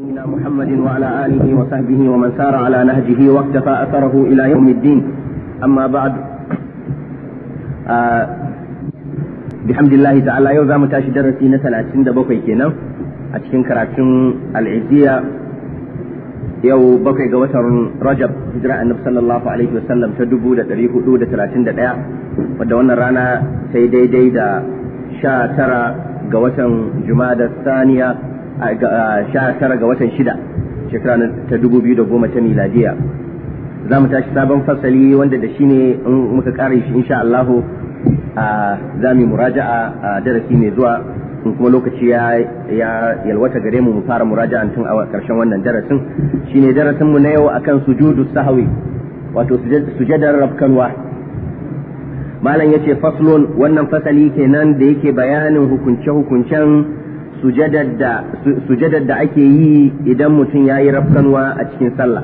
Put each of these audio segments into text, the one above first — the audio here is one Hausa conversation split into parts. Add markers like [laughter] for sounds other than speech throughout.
سيدنا محمد وعلى آله وصحبه ومن سار على نهجه واقتفى أثره إلى يوم الدين أما بعد آه بحمد الله تعالى يوزع متاشي درسي نسل عشرين دبوكي كينا عشرين كراتين العزية يو بوكي قوتر رجب هجرة النبي صلى الله عليه وسلم تدبو دا تريه دو دا تلاتين دا دا ودونا رانا سيدي دي دا شا ترى قوتر جمادة الثانية sha tara ga watan shida shekara ta dubu biyu da goma ta miladiya za mu tashi sabon fasali wanda da shi ne in muka ƙara shi insha Allahu za mu muraja'a a darasi mai zuwa in kuma lokaci ya yalwata gare mu mu fara muraja'an tun a karshen wannan darasin shine darasin mu na yau akan sujudu sahawi wato sujadar rabkanwa malam yace faslun wannan fasali kenan da yake bayanin hukunce hukuncen sujadar da ake yi idan mutum ya yi rafkanwa a cikin sallah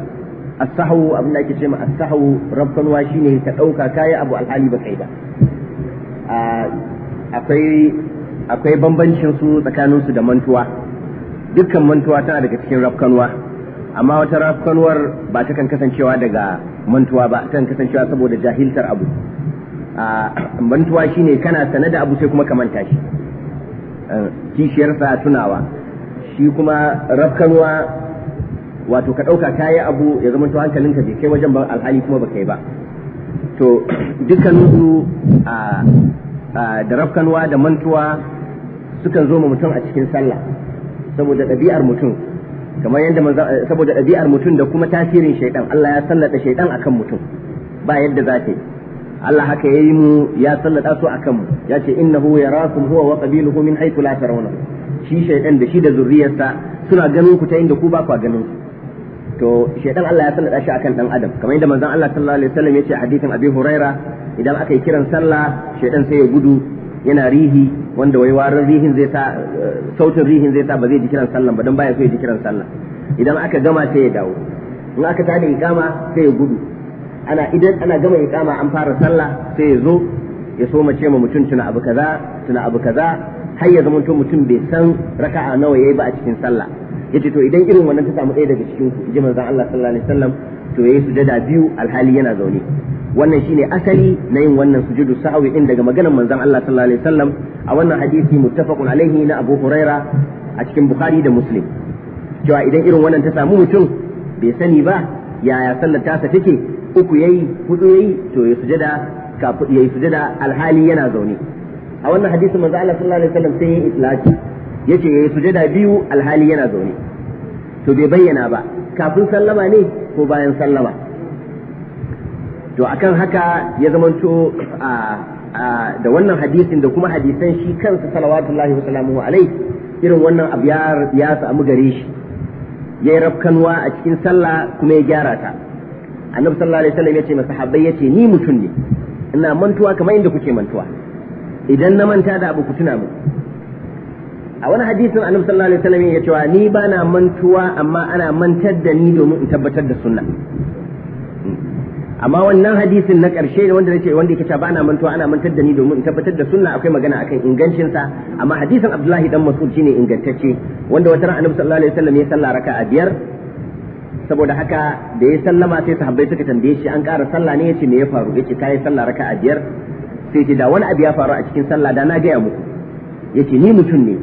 asahu abin da ake ce ma asahu rafkanwa shine ka ɗauka kayi abu alhali ba kai ba akwai bambancin su tsakanin da mantuwa dukkan mantuwa tana daga cikin rafkanwa amma wata rafkanwar ba ta kan kasancewa daga mantuwa ba ta kan kasancewa saboda jahiltar abu mantuwa shine kana sane da abu sai kuma ka manta shi kishiyarsa tunawa shi kuma rafkanwa wato ka ɗauka kayi abu ya zama to hankalinka bai kai wajen ba alhali kuma ba kai ba to dukkaninsu da rafkanwa da mantuwa sukan zo ma mutum a cikin sallah saboda ɗabi'ar mutum kamar yadda saboda ɗabi'ar mutum da kuma tasirin shaidan Allah ya sallata shaidan akan mutum ba yadda za yi Allah haka yayi mu ya sallada su akan mu yace innahu yarakum huwa wa qabiluhu min haythu la tarawna shi shaydan da shi da zuriyarsa suna ganin ku ta inda ku ba ku ganin ku to shaydan Allah ya sallada shi akan dan adam kamar yadda manzon Allah sallallahu alaihi wasallam yace hadithin Abi Huraira idan aka yi kiran sallah shaydan sai ya gudu yana rihi wanda wai warin rihin zai sa sautin rihin zai sa ba zai ji kiran sallan ba dan baya so ya ji kiran sallah idan aka gama sai ya dawo in aka tada ikama sai ya gudu ana idan ana gama iqama an fara sallah sai ya zo ya so mace ma mutum tuna abu kaza tuna abu kaza har ya zama mutum bai san raka'a nawa yayi ba a cikin sallah yace to idan irin wannan ta samu ɗaya daga cikin ku ji manzon Allah sallallahu alaihi wasallam to yayi sujada biyu alhali yana zaune wannan shine asali na yin wannan sujudu sahwi din daga maganar manzon Allah sallallahu alaihi wasallam a wannan hadisi muttafaqun alaihi na Abu Huraira a cikin Bukhari da Muslim cewa idan irin wannan ta samu mutum bai sani ba yaya sallar tasa take uku yayi hudu yayi to ya sujada kafin yayi sujada alhali yana zaune a wannan hadisin manzo Allah sallallahu alaihi wasallam sai ya itlaki yace yayi sujada biyu alhali yana zaune to bai bayyana ba kafin sallama ne ko bayan sallama to akan haka ya zamanto a da wannan hadisin da kuma hadisan shi kansa salawatullahi wa salamuhu alaihi irin wannan abu ya samu gare shi ya yi rafkanwa a cikin sallah kuma ya gyara ta annabi sallallahu alaihi wasallam ya ce masahabbai ya ce ni mutum ne ina mantuwa kamar inda kuke mantuwa idan na manta da abu ku mu a wani hadisin annabi sallallahu alaihi wasallam ya cewa ni bana mantuwa amma ana mantar da ni domin in tabbatar da sunna amma wannan hadisin na ƙarshe wanda nace wanda yake cewa ba ana mantuwa ana mantar da ni domin in tabbatar da sunna akwai magana akan ingancin sa amma hadisin Abdullahi dan Mas'ud shine ingantacce wanda wata ran Annabi sallallahu alaihi wasallam ya salla raka'a biyar saboda haka da ya sallama sai sahabbai suka tambaye shi an ƙara sallah ne yace me ya faru yace kai sallah raka'a biyar sai ce da wani abu ya faru a cikin sallah da na gaya muku yace ni mutum ne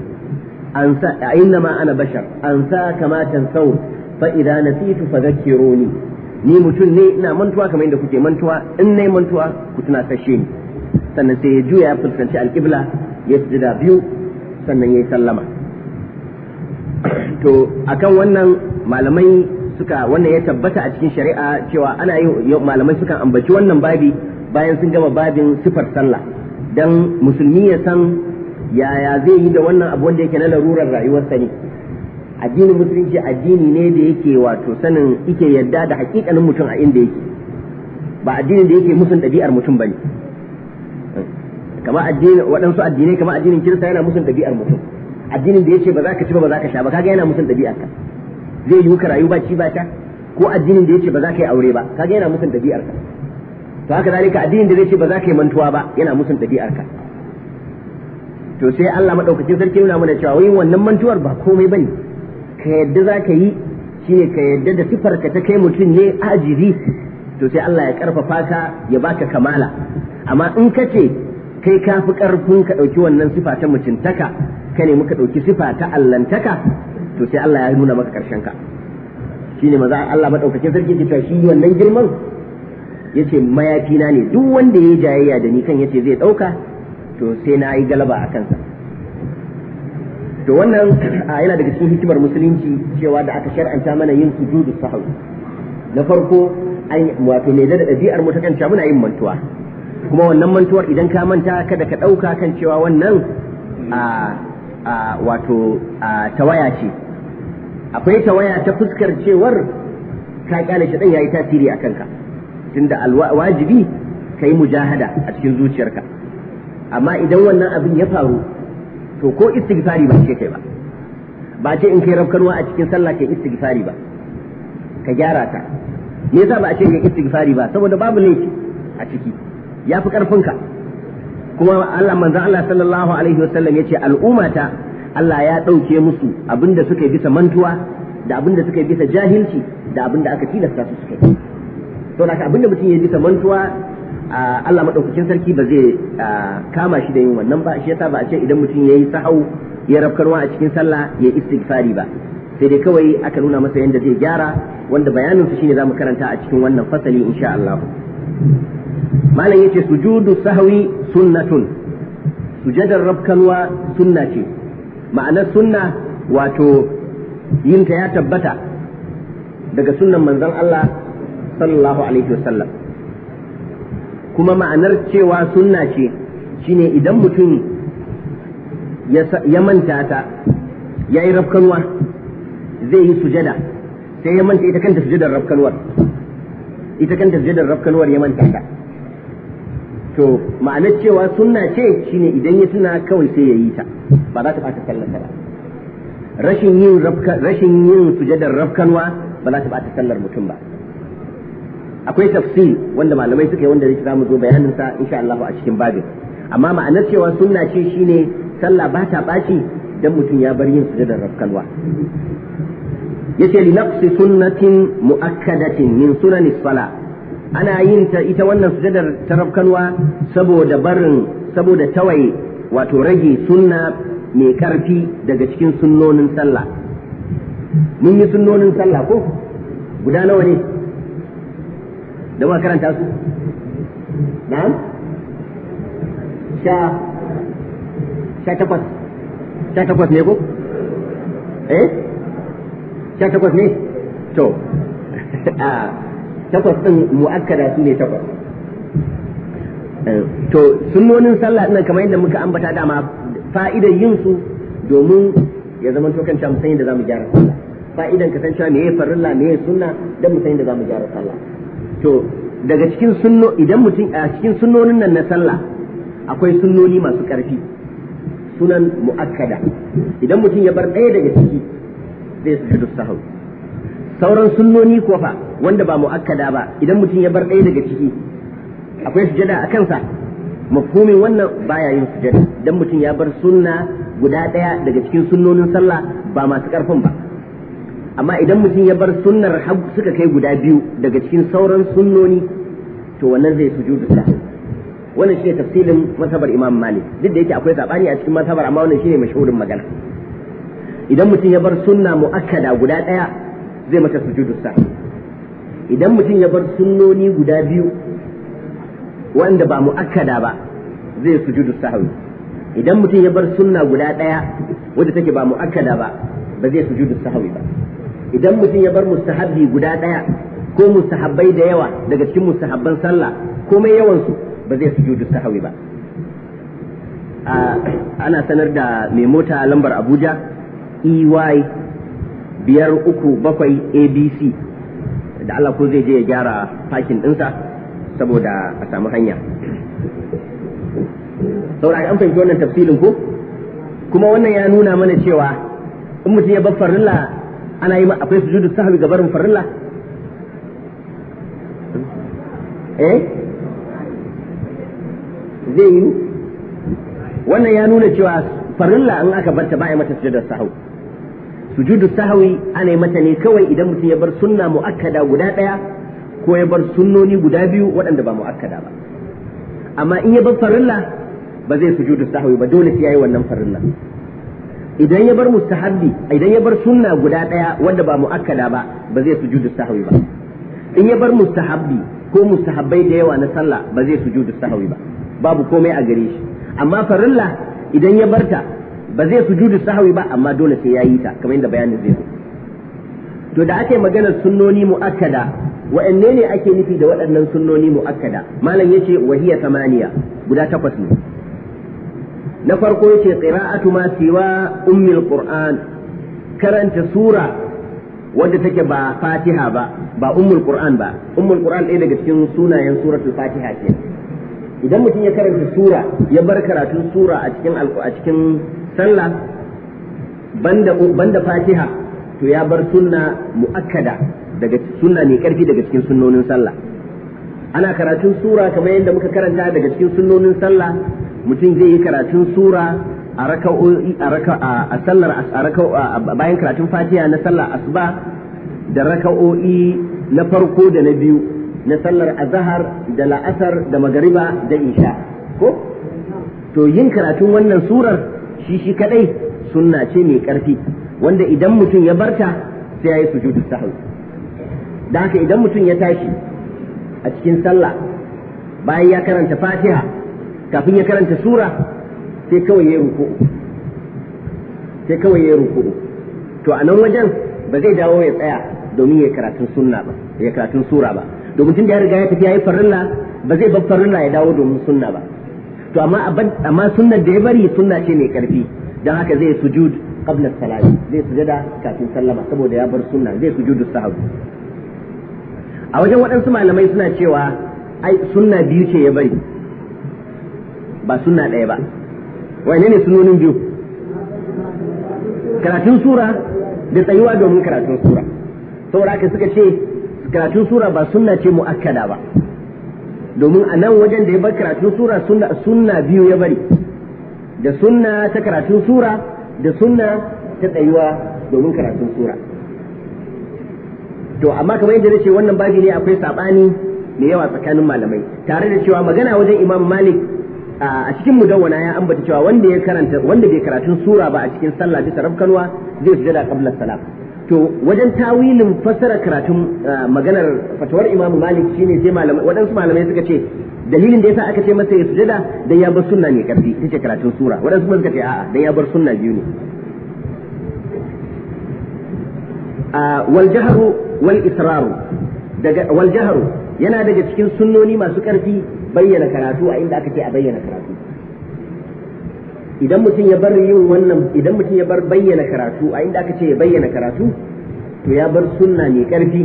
an sa inna ma ana bashar an sa kama tansau fa idan nasitu fadhakkiruni ni mutum ne ina mantuwa kamar yadda kuke mantuwa in nai mantuwa ku tuna sashe ni sannan sai ya juya ya fuskanci alƙibla ya da biyu sannan ya sallama to akan wannan malamai suka wannan ya tabbata a cikin shari'a cewa ana yi malamai sukan ambaci wannan babi bayan sun gama babin sifar sallah dan musulmi ya san yaya zai yi da wannan abu wanda yake na larurar rayuwarsa ne addinin musulunci addini ne da yake wato sanin yake yadda da hakikanin mutum a inda yake ba addinin da yake musun ɗabi'ar mutum bane kama addini waɗansu addinai kama addinin kirista yana musun ɗabi'ar mutum addinin da yace ba za ka ci ba ba za ka sha ba kaga yana musun ɗabi'ar ka zai yiwu ka rayu ba ci ba ta ko addinin da yace ba za ka yi aure ba kaga yana musun ɗabi'ar ka to haka zalika addinin da zai ce ba za ka yi mantuwa ba yana musun ɗabi'ar ka to sai Allah madaukakin sarki nuna mana cewa wai wannan mantuwar ba komai bane ka yadda za ka yi ne ka yadda da sifar ka ta kai mutum ne ajiri to sai Allah ya karfafa ka ya baka kamala amma in ka ce kai ka fi karfin ka ɗauki wannan sifa ta mutuntaka ka ne muka ɗauki sifa ta allantaka to sai Allah ya nuna maka karshen ka shi ne maza Allah madaukakin sarki ke shi wannan girman yace mayafina ne duk wanda ya yi jayayya da ni kan ya ce zai ɗauka to sai na yi galaba a kansa to wannan a yana daga cikin hikimar musulunci cewa da aka shar'anta mana yin sujudu sahwi na farko an wato me da ɗabi'ar mu ta muna yin mantuwa kuma wannan mantuwar idan ka manta kada ka ɗauka kan cewa wannan a a wato tawaya ce akwai tawaya ta fuskar cewar ka kyale shi dan yayi tasiri a kanka tunda alwajibi kai mujahada a cikin zuciyarka amma idan wannan abin ya faru to ko istighfari ba ce kai ba ba ce in kai rafkarwa a cikin sallah kai istighfari ba ka gyara ta me yasa ba a ce kai istighfari ba saboda babu laifi a ciki ya fi ka kuma Allah manzo Allah sallallahu alaihi wasallam yace al'ummata Allah ya dauke musu abinda suka yi bisa mantuwa da abinda suka yi bisa jahilci da abinda aka tilasta su suka yi to da abinda mutum ya bisa mantuwa Allah madaukakin sarki ba zai kama shi da yin wannan ba shi yasa ba a ce idan mutum yi sahau ya rafkarwa a cikin sallah ya istighfari ba sai dai kawai aka nuna masa yadda zai gyara wanda bayanin su shine zamu karanta a cikin wannan fasali insha Allah malam yace sujudu sahwi sunnatun sujadar rafkarwa sunna ce ma'ana sunna wato yinta ya tabbata daga sunnan manzon Allah sallallahu alaihi wasallam kuma ma'anar cewa sunna ce shine idan mutum ya manta ta ya yi rafkanwa zai yi sujada sai ya manta ita kanta sujadar rafkanwar ita kanta sujadar rafkanwar ya manta ta to ma'anar cewa sunna ce shine idan ya tuna kawai sai ya yi ta ba za ta ba ta sallar ba rashin yin rashin yin sujadar rafkanwa ba za ta ba ta sallar mutum ba akwai tafsir wanda malamai suka yi wanda zai mu zo bayanin sa insha Allah a cikin babin amma ma'anar cewa sunna ce shine sallah ba ta baci dan mutum ya bar yin sujudar rakkalwa yace li naqsi sunnatin muakkadatin min sunanis sala ana yin ta ita wannan sujudar ta rafkalwa saboda barin saboda tawaye wato rage sunna mai karfi daga cikin sunnonin sallah mun yi sunnonin sallah ko guda nawa ne da muka karanta su na'am sha sha takwas sha takwas ne ko eh sha takwas ne to [laughs] a takwas din mu'akkada su ne takwas eh, to sunnonin sallah ɗin kamar yadda muka ambata dama fa'idar yin su domin ya zama to kan mu san yadda zamu gyara sallah fa'idan ka san cewa meye farilla meye sunna dan mu san yadda zamu gyara sallah to daga cikin sunno idan mutum a cikin sunnonin nan na sallah akwai sunnoni masu ƙarfi sunan mu'akkada idan mutum ya bar ɗaya daga ciki zai sujudu sahau sauran sunnoni ko fa wanda ba mu'akkada ba idan mutum ya bar ɗaya daga ciki akwai sujada a kansa mafhumin wannan baya yin sujada idan mutum ya bar sunna guda ɗaya daga cikin sunnonin sallah ba masu ƙarfin ba amma idan mutum ya bar sunnar suka kai guda biyu daga cikin sauran sunnoni to wannan zai sujudu da wannan shine tafsilin masabar imam malik duk da yake akwai sabani a cikin masabar amma wannan shine mashhurin magana idan mutum ya bar sunna muakkada guda daya zai mata sujudu sa idan mutum ya bar sunnoni guda biyu wanda ba muakkada ba zai sujudu sahwi idan mutum ya bar sunna guda daya wanda take ba muakkada ba ba zai sujudu sahwi ba idan mutum ya bar mustahabbi guda daya ko mustahabbai da yawa daga cikin mustahabban sallah komai yawan su ba zai sujudu sahawi ba ana sanar da mai mota lambar Abuja EY biyar uku bakwai ABC da Allah ko zai je ya gyara fakin ɗinsa saboda a samu hanya saboda an fahimci wannan tafsilin ko kuma wannan ya nuna mana cewa in mutum ya bar farilla ana yi ma akwai sujudu sahwi ga barin farilla eh zai yi wannan ya nuna cewa farilla in aka barta ba a yi mata sujudu sahwi sujudu sahwi ana yi mata ne kawai idan mutum ya bar sunna muakkada guda daya ko ya bar sunnoni guda biyu waɗanda ba muakkada ba amma in ya bar farilla ba zai sujudu sahwi ba dole sai yayi wannan farilla idan ya bar mustahabbi idan ya bar sunna guda daya wanda ba muakkada ba ba zai sujudu sahwi ba in ya bar mustahabbi ko mustahabbai da yawa na sallah ba zai sujudu sahwi ba babu komai a gare shi amma farilla idan ya barta ba zai sujudu sahwi ba amma dole sai yayi ta kamar yadda bayanin zai zo to da ake maganar sunnoni muakkada wa'anne ne ake nufi da waɗannan sunnoni muakkada malam yace wahiya tamaniya guda takwas ne na farko yace qira'atu ma siwa ummil qur'an karanta sura wadda take ba fatiha ba ba ummul qur'an ba ummul qur'an ɗaya daga cikin sunayen suratul fatiha ce idan mutum ya karanta sura ya bar karatun sura a cikin a cikin sallah banda banda fatiha to ya bar sunna muakkada daga sunna ne karfi daga cikin sunnonin sallah ana karatun sura kamar yadda muka karanta daga cikin sunnonin sallah mutum zai yi karatun sura a raka'o'i a sallar bayan karatun fatiha na sallar asuba da raka'o'i na farko da na biyu na sallar azahar da la'asar da magariba da isha ko to yin karatun wannan surar shi shi kadai sunna ce mai karfi wanda idan mutum ya barta sai ya yi sujudu sahwi da haka idan mutum ya tashi a cikin sallah bayan ya karanta fatiha kafin ya karanta sura sai kawai ya ruku sai kawai ya ruku to a nan wajen ba zai dawo ya tsaya domin ya karatun sunna ba ya karatun sura ba domin tun da ya riga ya tafi ya yi farilla ba zai bar farilla ya dawo domin sunna ba to amma amma sunnar da ya bari sunna ce mai karfi dan haka zai sujud qabla salati zai sujada kafin sallama saboda ya bar sunna zai sujudu sahwi a wajen waɗansu malamai suna cewa ai sunna biyu ce ya bari ba sunna ɗaya ba wai ne sunonin biyu karatun sura da tsayuwa domin karatun sura saboda haka suka ce karatun sura ba sunna ce mu'akkada ba domin a nan wajen da ya bar karatun sura sunna biyu ya bari da sunna ta karatun sura da sunna ta tsayuwa domin karatun sura to amma kamar yadda ce wannan babi ne akwai saɓani mai yawa tsakanin malamai tare da cewa magana wajen imam malik a cikin mudawwana ya ambata cewa wanda ya karanta wanda bai karatun sura ba a cikin sallah bisa rabkanwa zai sujada qabla salat to wajen tawilin fasara karatun maganar fatawar imamu malik shine sai malamai waɗansu malamai suka ce dalilin da yasa aka ce masa ya sujada dan ya bar sunna ne karfi take ce karatun sura waɗansu kuma suka ce a'a dan ya bar sunna biyu ne wal jahru daga wal jahru yana daga cikin sunnoni masu karfi bayyana karatu a inda aka ce a bayyana karatu idan mutum ya bar yin wannan idan mutum ya bar bayyana karatu a inda aka ce ya bayyana karatu to ya bar sunna mai karfi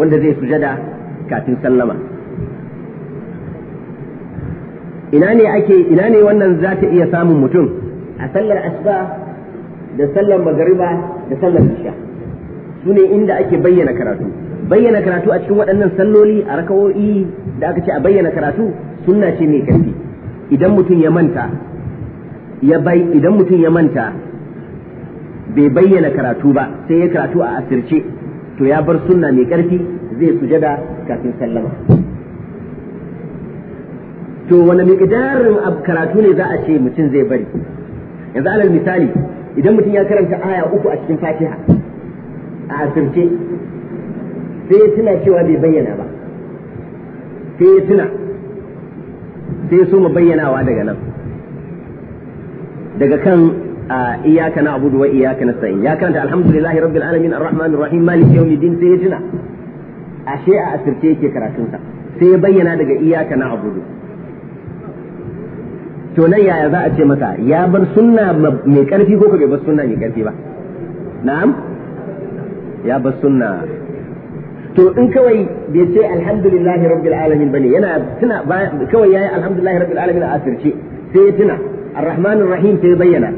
wanda zai sujada kafin sallama ina ne ake ina ne wannan za ta iya samun mutum a sallar asuba da sallar magariba da sallar isha su ne inda ake bayyana karatu bayyana karatu a cikin waɗannan salloli a rakawo'i da aka ce a bayyana karatu sunna ce mai ƙarfi. idan mutum ya manta ya bai idan mutum ya manta bai bayyana karatu ba sai ya karatu a asirce to ya bar sunna mai karfi zai sujada kafin sallama to wani miqdarin karatu ne za a ce mutum zai bari yanzu alal misali idan mutum ya karanta aya uku a cikin fatiha a asirce sai ya tuna cewa bai bayyana ba sai ya tuna sai ya so mu bayyanawa daga nan daga kan iyaka na abudu wa iyaka na sa'in ya karanta alhamdulillah rabbil alamin arrahman arrahim maliki yawmiddin sai ya tuna ashe a asirce yake karatun sa. sai ya bayyana daga iyaka na abudu to nan yaya za a ce masa ya bar sunna mai karfi ko ka bai bar sunna mai karfi ba na'am ya bar sunna to in kawai bai ce alhamdulillahi rabbil alamin bane yana tuna kawai yayi alhamdulillahi rabbil alamin a asirce sai ya tuna arrahmanir rahim sai bayyana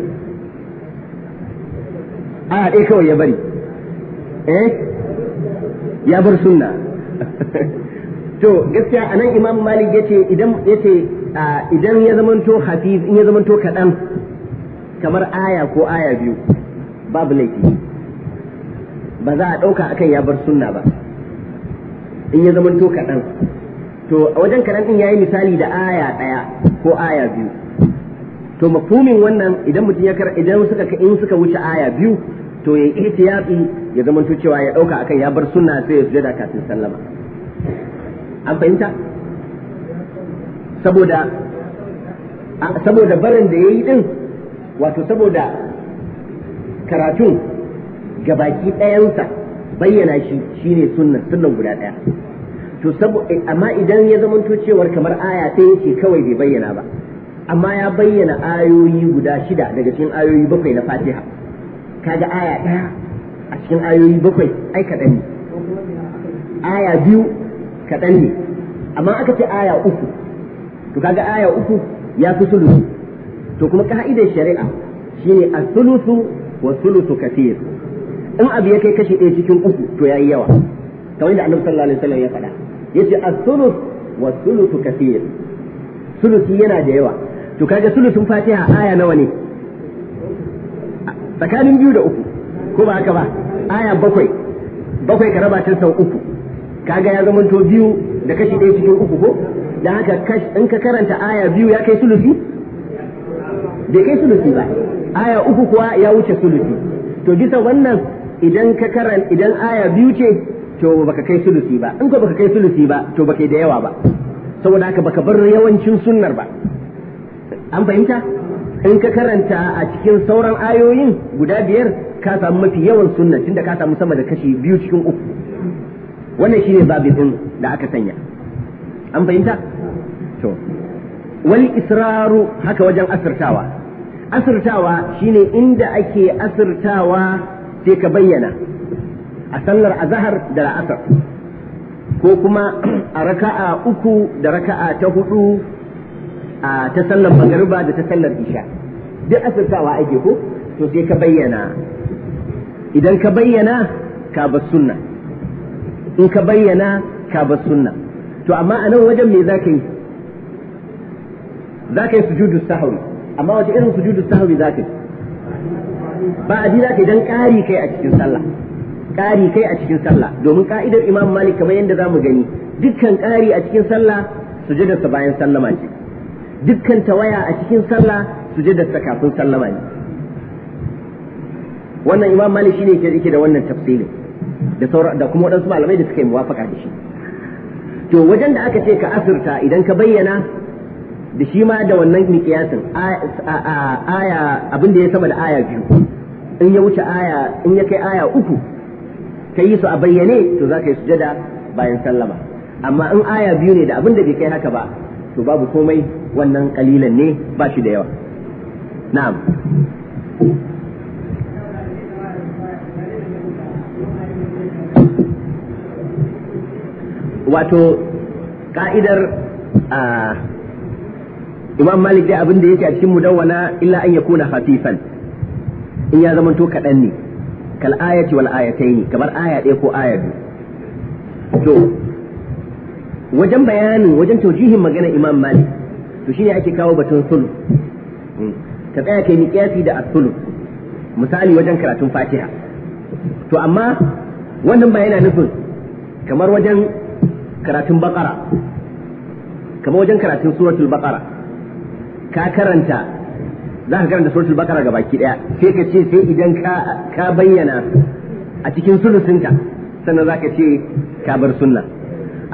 a dai kawai ya bari eh ya bar sunna [laughs] to gaskiya anan imam malik yace idan yace idan ya zamanto hafiz in ya zamanto kadan kamar aya ko aya biyu babu laifi ba za a ɗauka akan ya bar sunna ba in ya zamanto kaɗan to a wajen kaɗan ɗin ya yi misali da aya ɗaya ko aya biyu to mafumin wannan idan mutum ya kar idan suka in suka wuce aya biyu to ya yi ihtiyabi ya zamanto cewa ya ɗauka akan ya bar suna sai ya sujada kafin sallama an fahimta saboda saboda barin da ya yi ɗin wato saboda karatun gabaki ɗayansa bayyana shi shine sunna sunnan guda daya to saboda amma idan ya zama cewar kamar aya ta yake kawai bai bayyana ba amma ya bayyana ayoyi guda shida daga cikin ayoyi bakwai na fatiha kaga aya daya a cikin ayoyi bakwai ai kaɗan ne aya biyu kaɗan ne amma aka ce aya uku to kaga aya uku ya fi sulusu to kuma ka'idar shari'a shine as-sulusu wa sulusu katir in abu ya kai kashi ɗaya cikin uku to yayi yawa kamar da annabi sallallahu alaihi wasallam ya faɗa yace as-sulus wa sulusu kathir sulusi yana da yawa to kaga sulusun fatiha aya nawa ne tsakanin biyu da uku ko ba haka ba aya bakwai bakwai ka raba ta sau uku kaga ya zamanto biyu da kashi ɗaya cikin uku ko da haka in ka karanta aya biyu ya kai sulusi bai kai sulusi ba aya uku kuwa ya wuce sulusi to bisa wannan idan ka karan idan aya biyu ce to baka kai sulusi ba in ko baka kai sulusi ba to baka da yawa ba saboda haka baka bar yawancin sunnar ba an fahimta in ka karanta a cikin sauran ayoyin guda biyar ka samu mafi yawan sunna tunda ka samu sama da kashi biyu cikin uku wannan shine babin din da aka sanya an fahimta to wal israru haka wajen asirtawa asirtawa shine inda ake asirtawa sai ka bayyana a sallar azahar da la'asar ko kuma a raka'a uku da raka'a ta hudu a ta sallar magariba da ta sallar isha duk asirtawa ake ko to sai ka bayyana idan ka bayyana ka bar sunna in ka bayyana ka bar sunna to amma a nan wajen me za ka yi za ka yi sujudu sahwi amma wajen irin sujudu sahwi za ka yi ba a za ka dan ƙari kai a cikin sallah ƙari kai a cikin sallah domin ka'idar imam malik kamar yadda za mu gani dukkan ƙari a cikin sallah sa bayan sallama ce dukkan tawaya a cikin sallah sa kafin sallama ne wannan imam malik shine yake da wannan tafsirin da sauran da kuma waɗansu malamai da suka yi muwafaka da shi to wajen da aka ce ka asirta idan ka bayyana da shi ma da wannan miƙiyasin aya abin da ya sama da aya biyu in ya wuce aya in ya kai aya uku ka yi su a bayyane to za ka yi sujada bayan sallama amma in aya biyu ne da abin da bai kai haka ba to babu komai wannan kalilan ne ba shi da yawa na'am wato ka'idar imam malik dai abin da yake a cikin mudawwana illa an yakuna hafifan in ya zama to kaɗan ne kal ayati wal ayataini kamar aya ɗaya ko aya biyu to wajen bayanin wajen taujihin magana imam malik to shine ake kawo batun sulu hmm. ka tsaya kai miƙiyasi da asulu misali wajen karatun fatiha to amma wannan ba yana nufin kamar wajen karatun baqara kamar wajen karatun suratul baqara ka karanta za ka karanta suratul bakara ga baki daya sai ka ce sai idan ka ka bayyana a cikin sulusinta sannan za ka ce ka bar sunna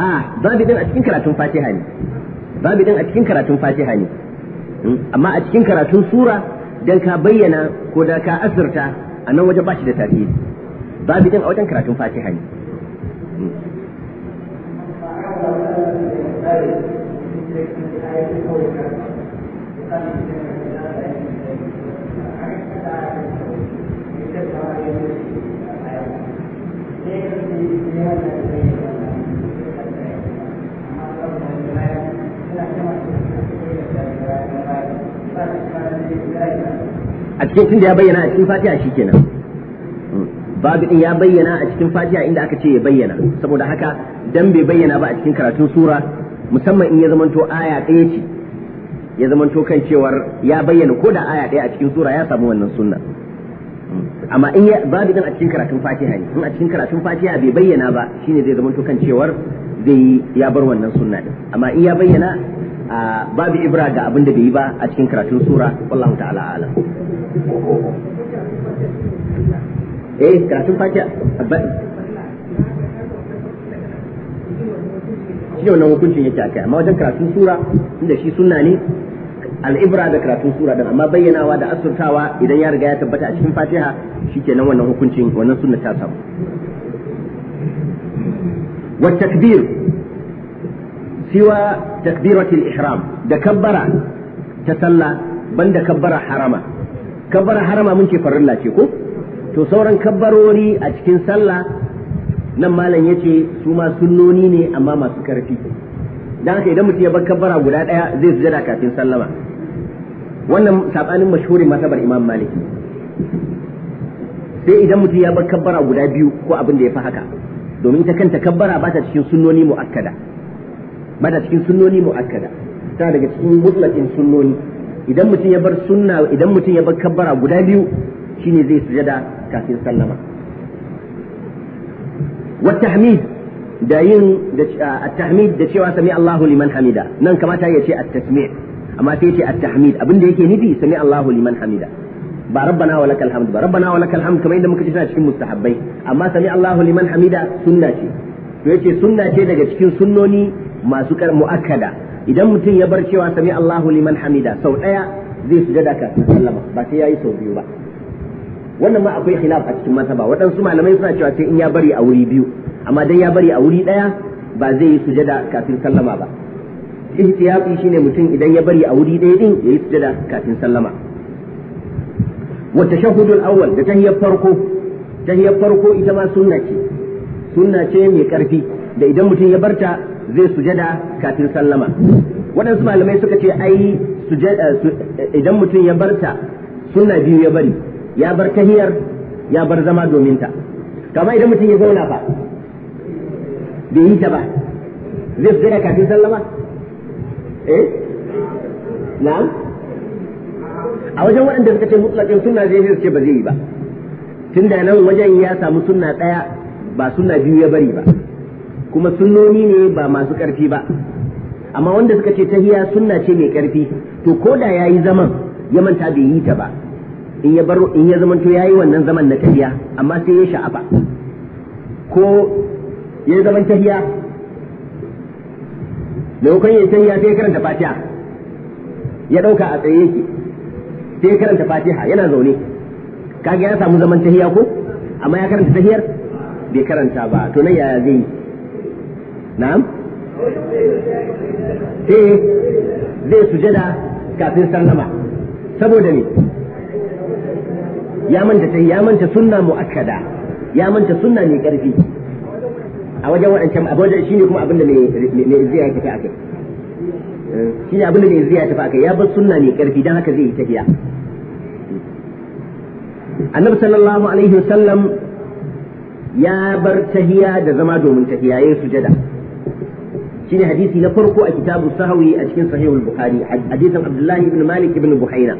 a babu din a cikin karatun fatiha ne babu din a cikin karatun fatiha ne hmm? amma a cikin karatun sura dan ka bayyana ko da ka asirta a nan waje ba shi da tafiye babu din a wajen karatun fatiha ne hmm? Thank you. a cikin tun da ya bayyana a cikin fatiha shi kenan babu ɗin ya bayyana a cikin fatiha inda aka ce ya bayyana saboda haka dan bai bayyana ba a cikin karatun sura musamman in ya zamanto aya ɗaya ce ya zama to kan cewar ya bayyana ko da aya ɗaya a cikin sura ya samu wannan sunna amma in babu idan a cikin karatun fatiha ne in a cikin karatun fatiha bai bayyana ba shine zai zama to kan cewar zai yi ya bar wannan sunna din amma in ya bayyana babu ibra ga abin da bai yi ba a cikin karatun sura wallahu ta'ala alam eh karatun fatiha shi wannan hukuncin yake akai amma wajen karatun sura inda shi sunna ne al'ibra da karatun sura din amma bayyanawa da asurtawa idan ya riga ya tabbata a cikin fatiha shikenan wannan hukuncin wannan sunna ta samu wa takbir siwa takbiratul ihram da kabbara ta sallah banda kabbara harama kabbara harama mun ce farilla ce ko to sauran kabbarori a cikin sallah nan malam ya ce su ma sunnoni ne amma masu karfi don haka idan mutum ya bar kabbara guda daya zai sujada kafin sallama wannan sabanin mashhurin masabar imam maliki sai idan mutum ya bar kabbara guda biyu ko abin da ya fi haka domin ita kanta kabbara ba ta cikin sunnoni mu'akkada ba ta cikin sunnoni mu'akkada ta daga cikin mutlaqin sunnoni idan mutum ya bar sunna idan mutum ya bar kabbara guda biyu shine zai sujada kafin sallama والتحميد da yin at da cewa sami Allahu liman hamida nan kamata ya ce at-tasmi' amma sai ya ce at-tahmid abin da yake nufi sami Allahu liman hamida ba rabbana wa lakal hamd ba rabbana wa lakal hamd kamar yadda muka ji tana cikin mustahabbai amma sami Allahu liman hamida sunna ce to yace sunna ce daga cikin sunnoni masu kar muakkada idan mutum ya bar cewa sami Allahu liman hamida sau daya zai sujada kafin sallama ba sai yayi sau biyu ba wannan ma akwai khilaf a cikin masaba waɗansu malamai suna cewa sai in ya bari a wuri biyu amma dan ya bari a wuri ɗaya ba zai yi sujada kafin sallama ba ihtiyati shine mutum idan ya bari a wuri ɗaya din yayi sujada kafin sallama wa tashahhudul awwal da tahiyyar farko tahiyyar farko ita ma sunna ce sunna ce mai karfi da idan mutum ya barta zai sujada kafin sallama waɗansu malamai suka ce ai idan mutum ya barta sunna biyu ya bari ya bar tahiyar ya bar zama domin ta kamar idan mutum ya zauna fa bai yi ta ba zai su da kafin sallama eh na a wajen waɗanda suka ce mutlaƙin sunna zai zai ce ba zai yi ba tun da nan wajen ya samu sunna ɗaya ba sunna biyu ya bari ba kuma sunnoni ne ba masu ƙarfi ba amma wanda suka ce tahiya sunna ce mai ƙarfi to ko da ya yi zaman ya manta bai yi ta ba in ya bar in ya zamanto yayi wannan zaman na tafiya amma sai ya sha'afa ko ya zaman da lokacin ya tafiya sai ya karanta fatiha ya dauka a tsaye yake sai ya karanta fatiha yana zaune kaga ya samu zaman tafiya ko amma ya karanta tahiyar bai karanta ba to nan yaya zai na'am sai eh, zai sujada kafin sallama saboda ne ya manta ta ya manta sunna muakkada ya manta sunna mai karfi a wajen waɗancan a wajen shine kuma abinda mai izziya ya tafi akai eh, shine abinda mai izziya ya tafi akai ya bar sunna mai karfi dan haka zai yi tafiya annabi sallallahu alaihi wasallam ya bar tahiya da zama domin tahiya yayin sujada shine hadisi na farko a kitabu sahawi a cikin sahihul bukhari hadisin abdullahi ibn malik ibn buhaina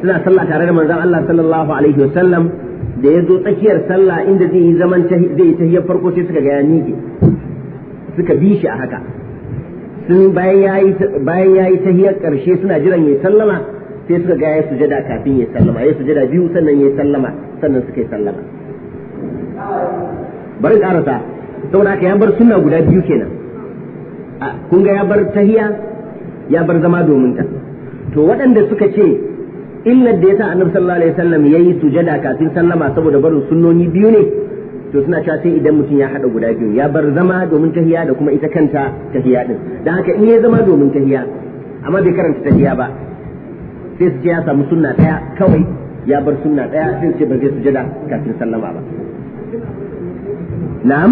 suna sallah tare da manzon Allah sallallahu alaihi wasallam da ya zo tsakiyar sallah inda zai yi zaman zai yi tahiyar farko sai suka ga ya miƙe suka bi shi a haka sun bayan ya yi tahiyar karshe suna jiran ya sallama sai suka ga ya sujada kafin ya sallama ya sujada biyu sannan ya sallama sannan suka yi sallama bari karasa saboda haka ya bar sunna guda biyu kenan kun ga ya bar tahiya ya bar zama domin ta to waɗanda suka ce illar da yasa annabi sallallahu alaihi wasallam yayi sujada kafin sallama saboda barin sunnoni biyu ne to suna cewa sai idan mutum ya hada guda biyu ya bar zama domin tahiya da kuma ita kanta tahiya din dan haka in ya zama domin tahiya amma bai karanta tahiya ba sai su ce ya samu sunna daya kawai ya bar sunna daya sai su ce ba zai sujada kafin sallama ba na'am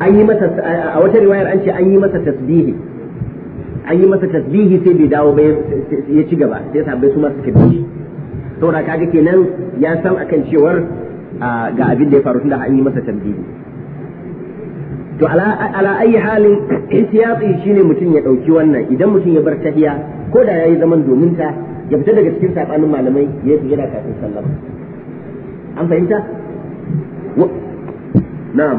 an yi masa a wata riwayar an ce an yi masa tasbihi an yi masa tasbihi sai bai dawo ba ya ci gaba sai sabai su masu tasbihi saboda kaga kenan ya san akan cewar ga abin da ya faru tunda an yi masa tasbihi to ala ayi halin ihtiyati shine mutum ya dauki wannan idan mutum ya bar tahiya ko da yayi zaman domin ta ya fita daga cikin sabanin malamai ya yi yana kafin sallama an fahimta na'am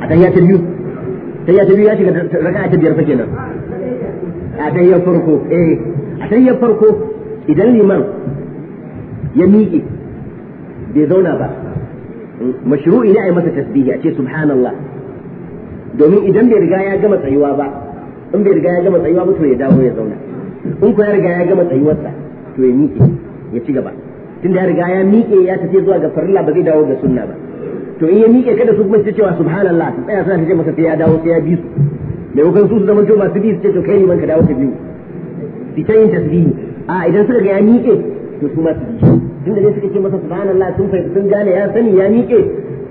a tahiyya ta biyu tahiyya ta biyu ya shiga raka'a ta biyar fa kenan a tahiyyar farko eh a tahiyyar farko idan liman ya miƙe bai zauna ba mashru'i ne a yi masa tasbihi a ce subhanallah domin idan bai riga ya gama tsayuwa ba in bai riga ya gama tsayuwa ba to ya dawo ya zauna in ko ya riga ya gama tsayuwarsa to ya miƙe ya ci gaba tun da ya riga ya miƙe ya tafi zuwa ga farilla ba zai dawo ga sunna ba to in ya miƙe kada su kuma su cewa subhanallah su tsaya suna ce masa sai ya dawo sai ya bi su mai wukan su su zama to masu bi su ce to kai liman ka dawo ka biyu su ta yin tasbihi a idan suka ga ya miƙe to su ma su bi shi da ne suka ce masa subhanallah sun fahimta sun gane ya sani ya miƙe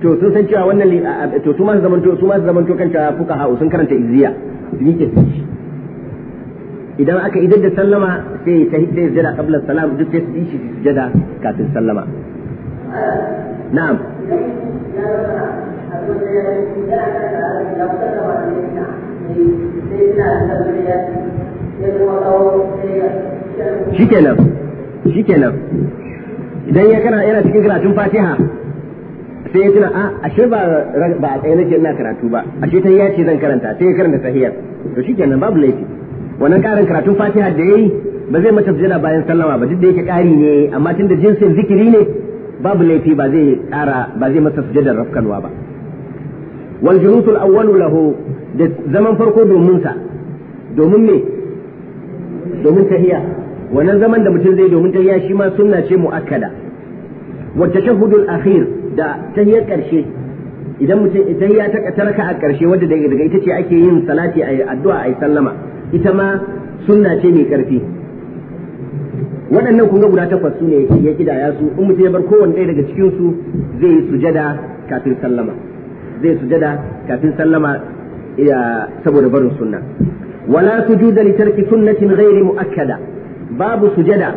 to sun san cewa wannan to su ma su zamanto su ma su kan cewa fuqaha sun karanta izziya su miƙe su bi idan aka idan da sallama sai ta hidda sujada qabla salam duk sai su yi sujada kafin sallama na'am shikenan shikenan idan ya kana yana cikin karatun fatiha sai ya tuna a ah, ashe ba a tsaye nake ina karatu ba ashe ta ya ce zan karanta sai ya karanta sahiyar to shikenan babu laifi wannan karin karatun fatiha da yayi ba zai mata sujada bayan sallama ba duk da yake ƙari ne amma tunda jinsin zikiri ne babu laifi ba zai ƙara ba zai mata sujada rafkanwa ba wal jurutul awwalu lahu da zaman farko domin sa domin me domin tahiya wannan zaman da mutum zai domin tahiya shi ma sunna ce muakkada wa tashahhudul akhir da tahiyar karshe idan mutum tahiya ta a karshe wadda daga ita ce ake yin salati ayi addu'a ayi sallama ita ma sunna ce mai ƙarfi waɗannan kun guda takwas su ne ya kidaya su in mutum ya bar kowane ɗaya daga cikinsu zai yi sujada kafin sallama zai sujada kafin sallama saboda barin sunna wala sujuda li tarki sunnatin ghairi muakkada babu sujada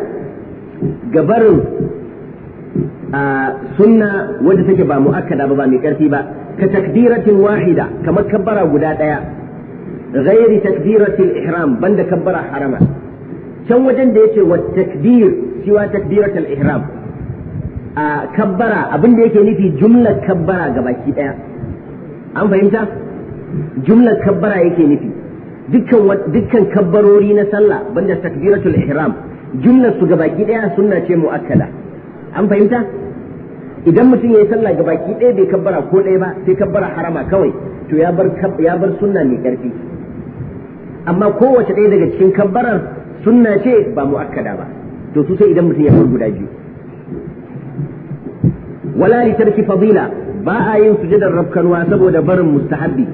ga barin sunna wadda take ba muakkada ba ba mai karfi ba ka takdiratin wahida kamar kabbara guda ɗaya غير تكبيرة الإحرام بند كبر حرمة كم وجن ديك والتكبير سوى تكبيرة الإحرام آه كبر أبن ديك في جملة كبر قباكي أه. أم فهمت جملة كبر يكي نفي dukkan kabbarori na sallah banda takbiratul ihram jumlar su gabaki daya sunna ce muakkada an fahimta idan mutum yayi sallah gabaki daya bai kabbara ko daya ba sai kabbara harama kawai to ya bar ya bar sunna mai karfi amma kowace ɗaya daga cikin kabbarar sunna ce ba mu'akkada ba to su sai idan mutum ya bar guda biyu wala li tarki fadila ba a yin sujudar rabkanwa saboda barin mustahabbi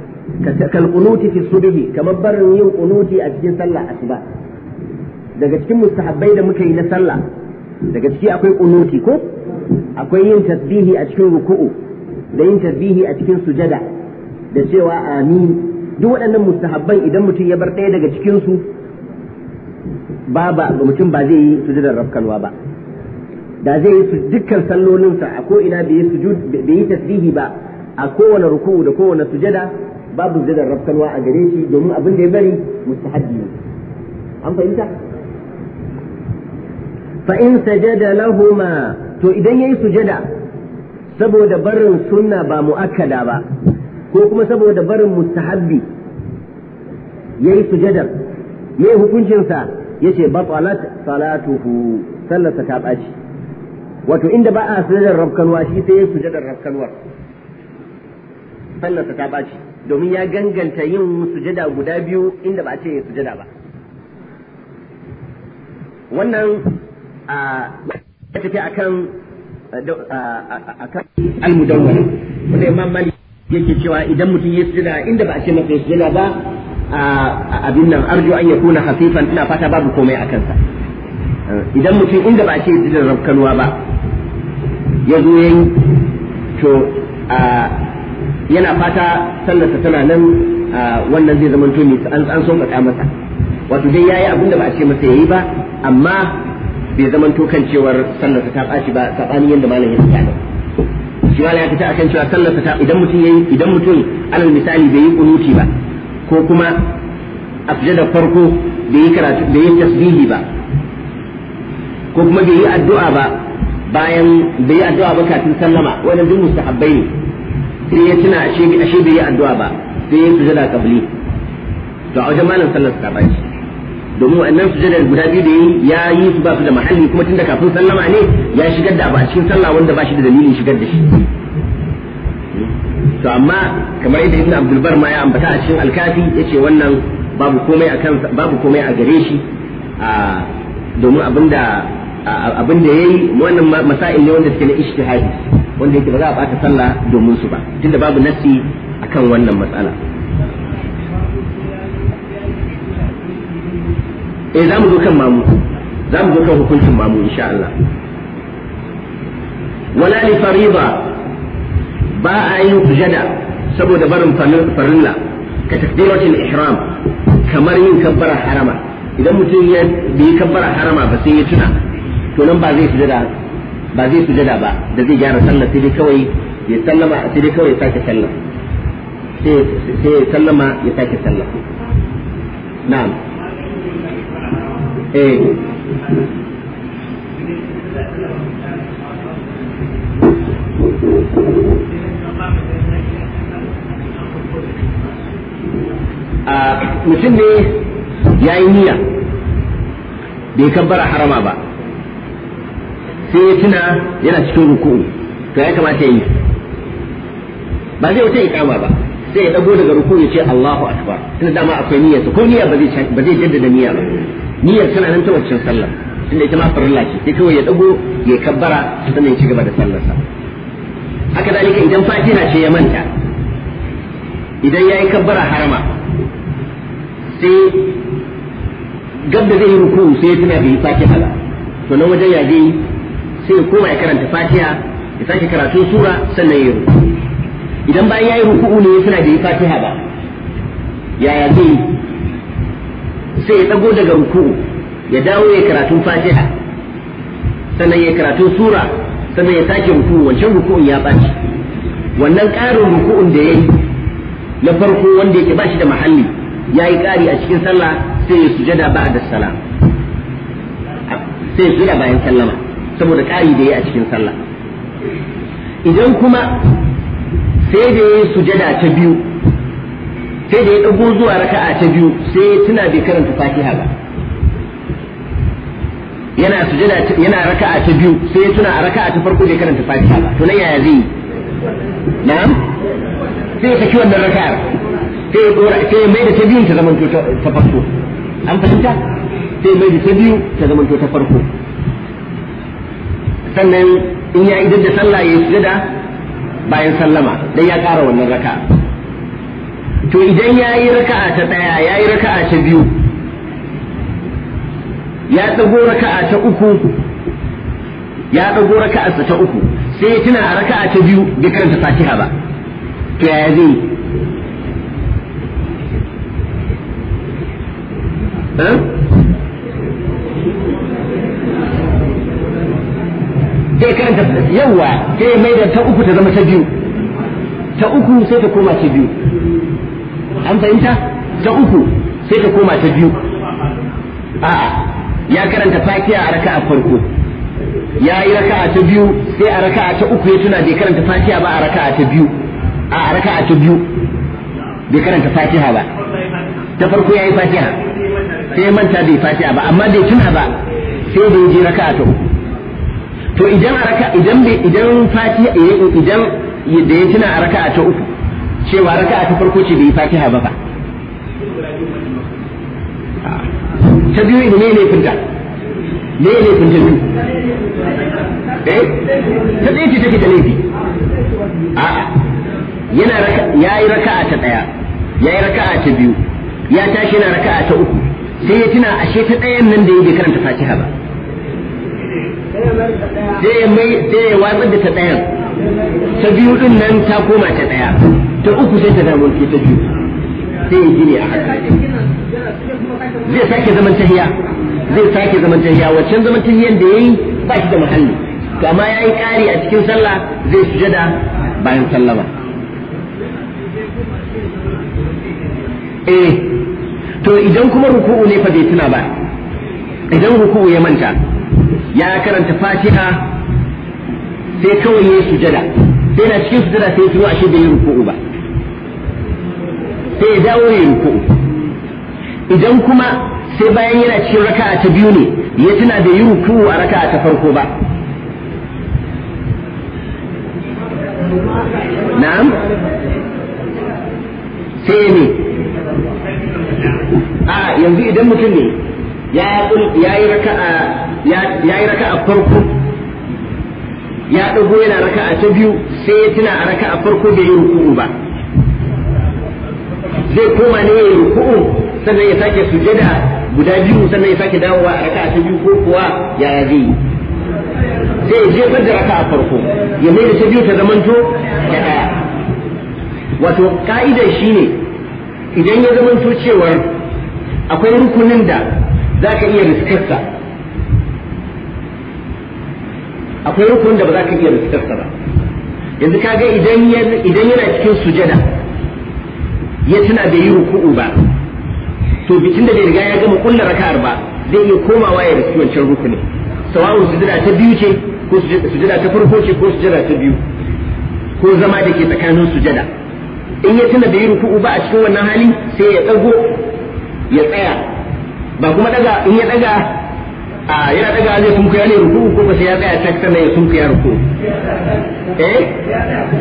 kal qunuti fi subhi kamar barin yin qunuti a cikin sallah asuba daga cikin mustahabbai da muka yi na sallah daga ciki akwai qunuti ko akwai yin tasbihi a cikin ruku'u da yin tasbihi a cikin sujada da cewa amin duk waɗannan mustahabban idan mutum ya bar ɗaya daga cikin su ba ba mutum ba zai yi jidar rafkanwa ba da zai yi su dukkan sallolinsa a ko ina bai yi sujud bai yi tasbihi ba a kowane ruku'u da kowane sujada babu jidar rafkanwa a gare shi domin abin da ya bari mustahabbi ne an fahimta fa in sajada lahuma to idan yayi sujada saboda barin sunna ba muakkada ba ko kuma saboda barin mustahabbi yayi sujadar yi hukuncinsa yace batalat salatuhu sallarsa ta ɓaci wato inda ba a sujadar rabkanwa shi sai ya sujadar rabkanwar sallarsa ta ɓaci domin ya ganganta yin sujada guda biyu inda ba a ce sujada ba wannan a tafi akan akan al wanda imam malik yake cewa idan mutum ya sujada inda ba a ce masa sujada ba abin nan arju an yakuna hafifan ina fata babu komai a kansa idan mutum inda ba a ce sujada rabkanuwa ba ya zo yayi to yana fata sallarsa tana nan wannan zai zama to an so masa wato dai yayi abin da ba a ce masa yayi ba amma bai zama to kan cewar sallarsa ta ɓaci ba tsakanin yadda malamin ya tsaya wala ya fita akan cewa sallar ta idan mutum yayi idan mutum alal misali bai yi kunuti ba ko kuma a da farko bai yi karatu bai yi tasbihi ba ko kuma bai yi addu'a ba bayan bai yi addu'a ba kafin sallama wannan duk mustahabbai ne sai ya tuna ashe bai yi addu'a ba sai ya sujada kabli to a wajen malam sallar ta bace domin wannan sujadar guda biyu da ya yi su ba su da mahalli kuma tunda kafin sallama ne ya shigar da abu a cikin sallah wanda ba shi da dalilin shigar da shi to amma kamar yadda ibn abdul bar ma ya ambata a cikin alkafi yace wannan babu komai a gare shi a domin abinda abinda yayi wannan masail ne wanda suke na ijtihadi wanda yake ba za a bata sallah domin su ba tunda babu nassi akan wannan matsala eh za mu zo kan mamu za mu zo kan hukuncin mamu insha Allah wala li fariba ba a yin sujada saboda barin farilla ka takbiratul ihram kamar yin kabbara harama idan mutum ya bi kabbara harama ba sai ya tuna to nan ba zai sujada ba zai sujada ba da zai gyara sallah sai dai kawai ya sallama sai dai kawai ya sake sallah sai ya sallama ya sake sallah na'am Eh. Ah, mutum ne ya yi niyya bai kabbara harama ba sai ya tuna yana cikin ruku'u to ya kamata ya yi ba zai wata ikama ba sai ya dago daga ruku'u ya ce Allahu akbar tunda dama akwai niyyarsa ko niyya ba zai jaddada niyya ba niyyar tana nan ta waccan sallar inda ita ma farilla ce sai kawai ya dago ya kabbara sannan ya ci gaba da sallarsa haka dalika idan fatiha ce ya manta idan ya yi kabbara harama sai gab da zai yi ruku sai ya tuna bai yi fatiha ba to nan wajen ya zai sai ya koma ya karanta fatiha ya sake karatu sura sannan ya yi ruku idan bayan ya yi ruku ne ya tuna bai yi fatiha ba yaya zai yi sai ya dago daga ruku ya dawo ya karatu fatiha sannan ya karatu sura sannan ya sake ruku wancan ruku'un ya baci wannan ƙarin ruku'un da ya yi na farko wanda yake bashi da mahalli ya yi ƙari a cikin sallah sai ya sujada ba'da salam sai ya sujada bayan sallama saboda ƙari da ya a cikin sallah idan kuma sai da ya yi sujada ta biyu sai da ya kago zuwa raka'a ta biyu sai ya tuna bai karanta fatiha ba yana sujada yana raka'a ta biyu sai ya tuna a raka'a ta farko bai karanta fatiha ba to nan yaya zai yi na'am sai ya saki wannan raka'ar sai ya dora sai ya mai da ta biyun ta zama ta farko an fahimta sai ya mai da ta biyu ta zama ta farko sannan in ya idar da sallah ya sujada bayan sallama dan ya ƙara wannan raka'a to idan ya yi raka'a ta ɗaya ya yi raka'a ta biyu ya ɗago raka'a ta uku ya ɗago raka'arsa ta uku sai ya tuna a raka'a ta biyu bai karanta fatiha ba to yaya zai sai karanta yawa sai mai da ta uku ta zama ta biyu ta uku sai ta koma ta biyu an fahimta ta uku sai ta koma ta biyu a ya karanta fatiha a raka'a farko ya yi raka'a ta biyu sai a raka'a ta uku ya tuna bai karanta fatiha ba a raka'a ta biyu a raka'a ta biyu bai karanta fatiha ba ta farko ya yi fatiha sai ya manta bai fatiha ba amma bai tuna ba sai bai je raka'a ta uku to idan a raka idan idan fatiha idan da ya tuna a raka'a ta uku cewa raka'a ta farko ce bai fatiha ba fa ta biyu ne ne finta ne ne finta biyu eh ta tsaye ce take ta laifi a'a yana raka yayi raka'a ta ɗaya raka a ta biyu ya tashi yana a ta uku sai ya tuna ashe ta ɗayan nan da ya ke karanta fatiha ba sai ya mai sai ya watsar da ta ɗayan ta biyu din nan ta koma ta ɗaya ta uku sai ta damu ta biyu sai ya gini a haka zai sake zaman tahiya zai sake zaman tahiya waccan zaman tahiyan da yayi ba shi da muhalli to amma yi kari a cikin sallah zai sujada bayan sallama eh to idan kuma ruku'u ne fa bai tuna ba idan ruku'u ya manta ya karanta fatiha sai kawai ya sujada sai na cikin sujada sai ya tuno ashe bai yi ruku'u ba sai ya dawo ya ruku idan kuma sai bayan yana cikin raka'a ta biyu ne ya tuna da yi ruku a raka'a ta farko ba na'am sai ne a yanzu idan mutum ne ya yi raka'a farko ya ɗago yana raka'a ta biyu sai ya tuna a raka'a farko da yi ruku ba zai koma ne ya ku'u sannan ya sake sujada guda biyu sannan ya sake dawowa a raka'a ta biyu ko kuwa ya zai yi zai jefar da raka'a farko ya mai da ta biyu ta zamanto da daya wato ka'idar shine idan ya zamanto cewar akwai rukunin da za ka iya riskarsa akwai rukunin da ba za ka iya riskarsa ba yanzu kaga idan yana cikin sujada ya tuna bai yi ruku'u ba to bikin da bai riga ya gama kullu raka'ar ba zai yi komawa ya riski wancan rukuni sawa'un sujada ta biyu ce ko sujada ta farko ce ko sujada ta biyu ko zama da ke tsakanin sujada in ya tuna bai yi ruku'u ba a cikin wannan hali sai ya dago ya tsaya ba kuma daga in ya daga a yana daga zai sunkuya ne ruku ko ba sai ya tsaya cak sannan ya sunkuya ruku eh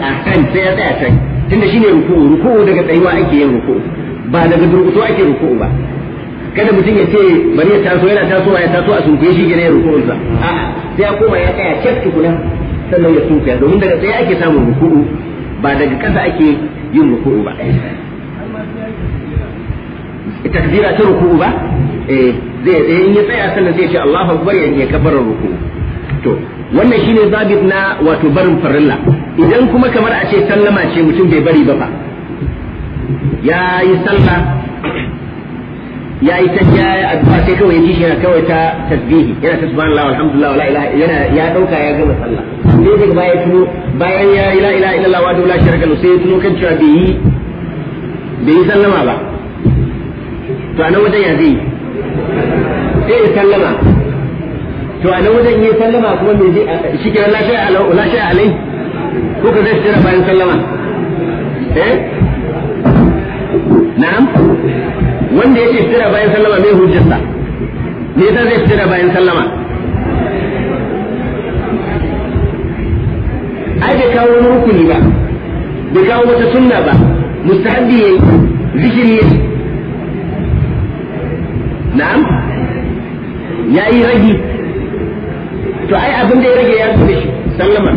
a kan sai ya tsaya cak tunda shine ruku ruku daga tsayuwa ake yin ruku ba daga durkuto ake ruku ba kada mutum ya ce bari ya taso yana tasowa ya taso a sunkuye shi gane ruku'un sa a'a sai ya koma ya tsaya cak tukuna sannan ya sunkuya domin daga tsaye ake samun ruku'u ba daga kasa ake yin ruku'u ba takbira ta ruku'u ba eh zai tsaye in ya tsaya sannan zai ce Allahu akbar ya kabbarar ruku to wannan shine zabit na wato barin farilla idan kuma kamar a ce sallama ce mutum bai bari ba fa ya yi sallah ya yi ta ya yi addu'a sai kawai ya ji shi yana kawai ta tasbihi yana ta subhanallah walhamdulillah wala ilaha yana ya dauka ya gama sallah sai daga baya tuno bayan ya yi la ila illallah wa la sharika lahu sai tuno kan cewa bai yi bai yi sallama ba to a nan wajen ya zai yi sai ya sallama to a nan wajen yi sallama kuma me zai shi kira lashe alai ko ka zai jira bayan sallama eh na'am wanda yake jira bayan sallama mai hujjarsa me yasa zai jira bayan sallama ai bai kawo wani rukuni ba bai kawo wata sunna ba mustahabbi yayi zikiri yayi na'am ya yi ragi to ai abin da ya rage ya zube shi sallama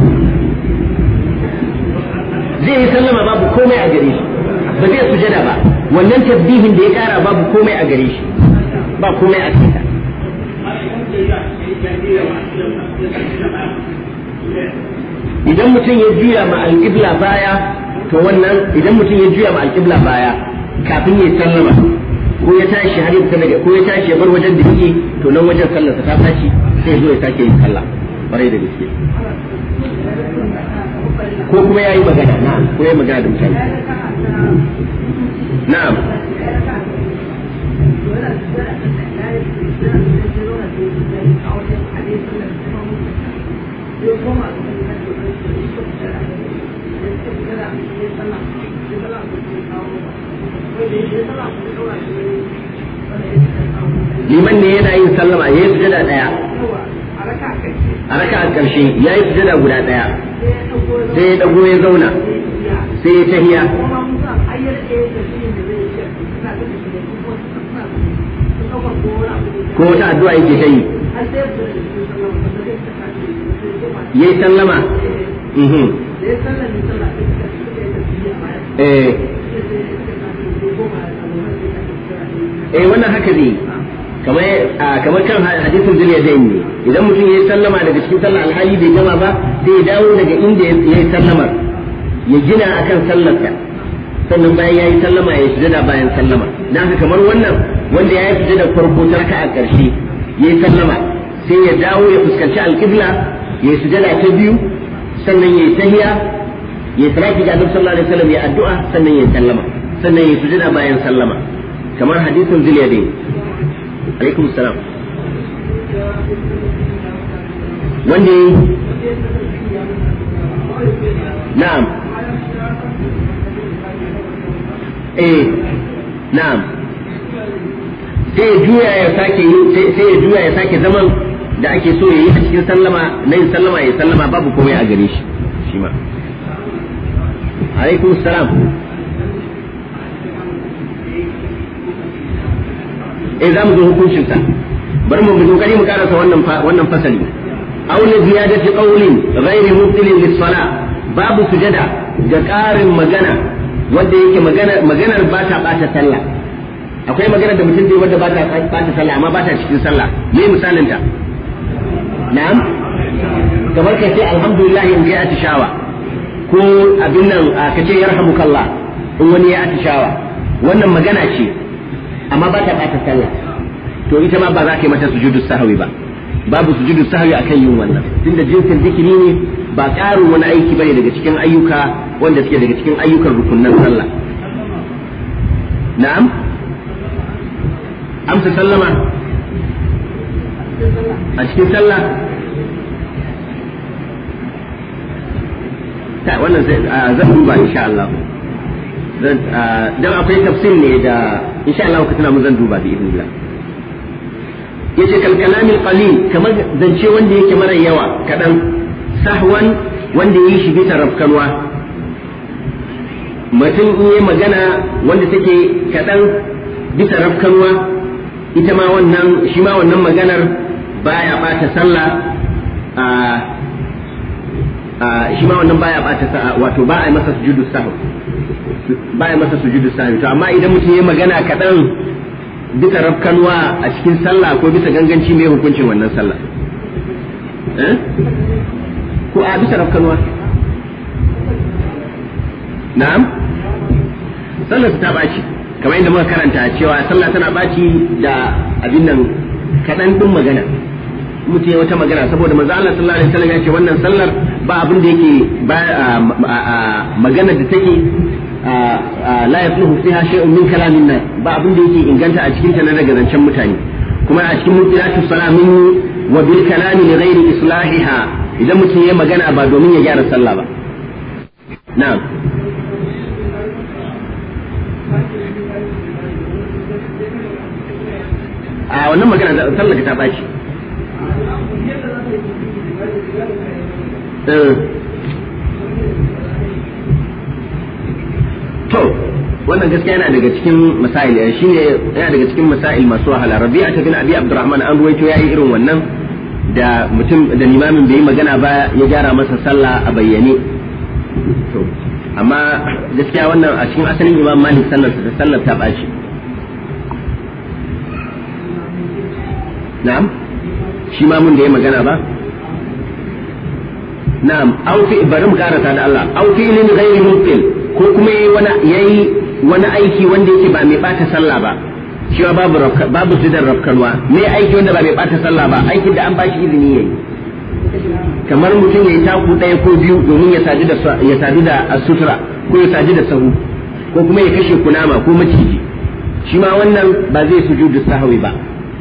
zai yi sallama babu komai a gare shi ba zai sujada ba wannan tasbihin da ya kara babu komai a gare shi ba komai a kanta idan mutum ya juya ma alƙibla baya to wannan idan mutum ya juya ma alƙibla baya kafin ya sallama ko ya tashi har yin ko ya tashi ya bar wajen da yake to nan wajen sallar ta tashi sai zo ya sake yin sallah bare da gaske ko kuma yayi magana na'am ko yayi magana da mutane na'am liman ne yana yin sallama ya yi sujada daya a raka a ƙarshe ya yi sujada guda daya sai ya dago ya zauna sai ya tahiya ko wata addu'a yake ta yi ya yi sallama eh eh wannan haka ne kamar kamar kan hadisin zuriya da ne idan mutum ya yi sallama daga cikin sallar alhali bai gama ba sai ya dawo daga inda ya yi sallamar ya gina akan sallarsa sannan bayan ya yi sallama ya sujada bayan sallama dan haka kamar wannan wanda ya yi sujada farko tarka a ƙarshe ya yi sallama sai ya dawo ya fuskanci alƙibla ya yi sujada ta biyu sannan ya yi tahiya ya yi salati ga annabi sallallahu alaihi wasallam ya addu'a sannan ya yi sallama sannan ya yi sujada bayan sallama kamar hadithun zilyade alaikum salam wanda na'am eh na'am sai ya juya ya sake sai ya juya ya sake zaman da ake so ya yi a cikin sallama na yin sallama ya sallama babu komai a gare shi shi ma alaikum salam eh za mu zo hukuncin sa bari mu kokari mu karasa wannan wannan fasali aw li ziyadati qawlin ghairi mubtilin lis sala babu sujada ga ƙarin magana wanda yake magana maganar ba ta bata sallah akwai magana da mutum zai wanda ba ta bata sallah amma ba ta cikin sallah me misalin ta na'am kamar ka ce alhamdulillah in ga atishawa ko abin nan ka ce yarhamukallah in wani ya atishawa wannan magana ce amma ba ta bata sallah to ita ma ba za ka yi mata sujudu sahawi ba babu sujudu sahawi akan yin wannan tunda jinsin zikiri ne ba ƙarin wani aiki bane daga cikin ayyuka wanda suke daga cikin ayyukan rukunnan sallah na'am amsa sallama a cikin sallah ta wannan zan duba insha Allah zan ah, dan akwai tafsir ne da insha Allah ka tana zan duba bi idin yace kal kalamil qalil kamar zance wanda yake mara yawa kadan sahwan wanda yi shi bisa rafkanwa mutum in yi magana wanda take kadan bisa rafkanwa ita ma wannan shi ma wannan maganar baya bata sallah a ah, ah, shi ma wannan baya bata sa'a wato ba a yi masa sujudu sahwa baya masa sujudu sahwi to amma idan mutum yayi magana kaɗan bisa rafkanwa a cikin sallah ko bisa ganganci mai hukuncin wannan sallah eh? ko a bisa rafkanwa na'am sallah ta baci kamar inda muka karanta cewa sallah tana baci da abin nan kaɗan ɗin magana mutum wata magana saboda manzo Allah sallallahu alaihi wasallam ya ce wannan sallar ba abin da yake ba magana da take la yafluhu fiha shay'un min kalamin nas ba abin da yake inganta a cikin ta na daga zancen mutane kuma a cikin mutilatu salamin wa bil kalami li ghairi islahiha idan mutum ya magana ba domin ya gyara sallah ba na'am a wannan magana sallar ta baci to wannan gaskiya yana daga cikin masail ya eh, ne yana daga cikin masail masu wahala rabi'a ta bin abi abdurrahman an ruwaito yayi irin wannan da mutum da limamin bai yi magana ba ya gyara masa sallah a bayyane to amma gaskiya wannan a cikin asalin imam malik sallar ta sallar ta baci na'am shi ma mun da ya magana ba na'am au fi bari mu karanta da Allah au fi ilin ghairi mubtil ko kuma yayi wani yayi wani aiki wanda yake ba mai bata sallah ba shi babu babu zidan rafkanwa mai aiki wanda ba mai bata sallah ba aikin da an bashi izini yayi kamar mutum yayi taku daya ko biyu domin ya sadu da ya sadu da asutura ko ya sadu da sahu ko kuma ya kashe kunama ko maciji shi ma wannan ba zai sujudu sahwi ba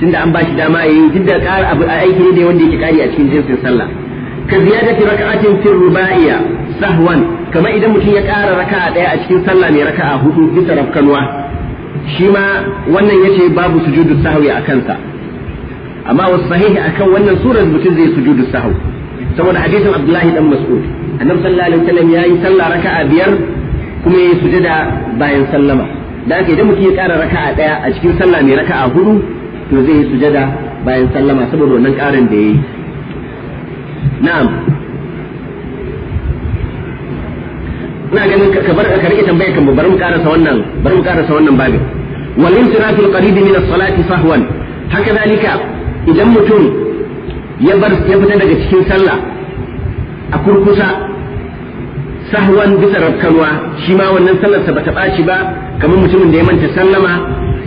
tunda an bashi dama yayi duk da ƙara abu a aiki ne da wanda yake kari a cikin jinsin sallah ka fi raka'atin fi rubaiya sahwan kamar idan mutum ya ƙara raka'a ɗaya a cikin sallah mai raka'a hudu bisa rafkanwa shi ma wannan yace babu sujudu sahwi a kansa amma wasu sahihi akan wannan surar mutum zai sujudu sahwi saboda hadisin Abdullahi dan Mas'ud annabi sallallahu alaihi wasallam yayi sallah raka'a biyar kuma yayi sujada bayan sallama da haka idan mutum ya ƙara raka'a ɗaya a cikin sallah mai raka'a hudu to zai yi sujada bayan sallama saboda wannan ƙarin da yayi na'am ina ganin ka bar ka rike tambaya kan bari mu karasa wannan bari mu karasa wannan babu wal insirafu qarib min as-salati sahwan haka zalika idan mutum ya bar ya fita daga cikin sallah a kurkusa sahwan bisa rakkanwa shi ma wannan sallar sa bata baci ba kamar mutumin da ya manta sallama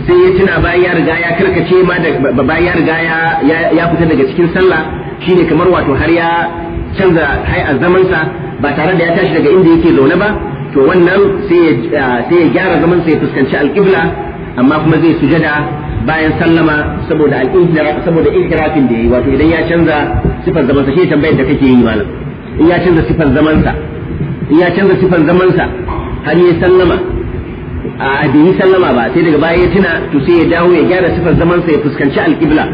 sai ya tuna bayan ya riga ya karkace ma da bayan ya riga ya ya fita daga cikin sallah shine kamar wato har ya canza hay'ar zamansa ba tare da ya tashi daga inda yake zaune ba to wannan sai ya gyara zaman sai ya fuskanci alqibla amma kuma zai sujada bayan sallama saboda saboda ikrafin da yayi wato idan ya canza sifar zamansa shi tambayar da kake yi malam in ya canza sifar zamansa in ya canza sifar zamansa har ya sallama a bai sallama ba sai daga baya ya tuna to sai ya dawo ya gyara sifar zaman sa ya fuskanci alƙibla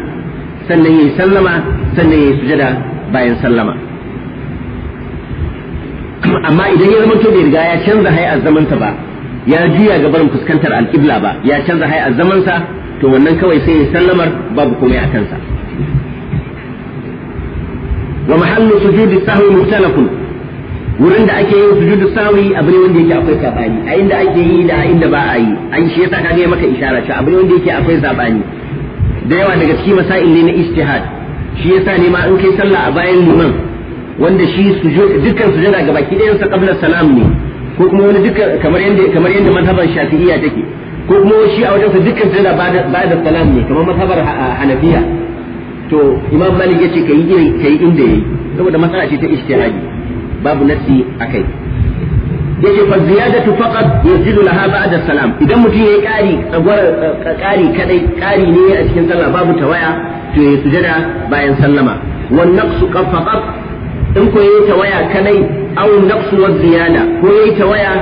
sannan ya yi sallama sannan ya yi sujada bayan sallama amma idan ya zama to bai riga ya canza hay'ar zaman sa ba ya juya ga barin fuskantar alƙibla ba ya canza hay'ar zaman sa to wannan kawai sai ya sallamar babu komai a kansa wa mahallu sujudi sahwi mukhtalafun wurin da ake yin sujudu sawi abu ne wanda yake akwai sabani a inda ake yi da inda ba a yi an shi yasa kaga maka isharar cewa abu ne wanda yake akwai sabani da yawa daga cikin masail ne na ijtihad shi yasa ne ma in kai sallah a bayan liman wanda shi sujud dukkan sujuda ga baki ɗayan sa qabla salam ne ko kuma wani dukkan kamar yanda kamar yanda mazhaban shafi'iyya take ko kuma shi a wajen sa dukkan sujuda ba da salam ne kamar mazhabar hanafiya to imam malik yace kai yi kai inda yayi saboda matsala ce ta ijtihadi babu nasi akai yace fa ziyadatu faqat yazilu laha ba'da salam idan mutum yayi kari tsagwar kari eh, kadai kari ne a cikin sallah babu tawaya to sujada bayan sallama wan naqsu faqat in ko yayi tawaya kadai aw naqsu wa ziyada ko yayi tawaya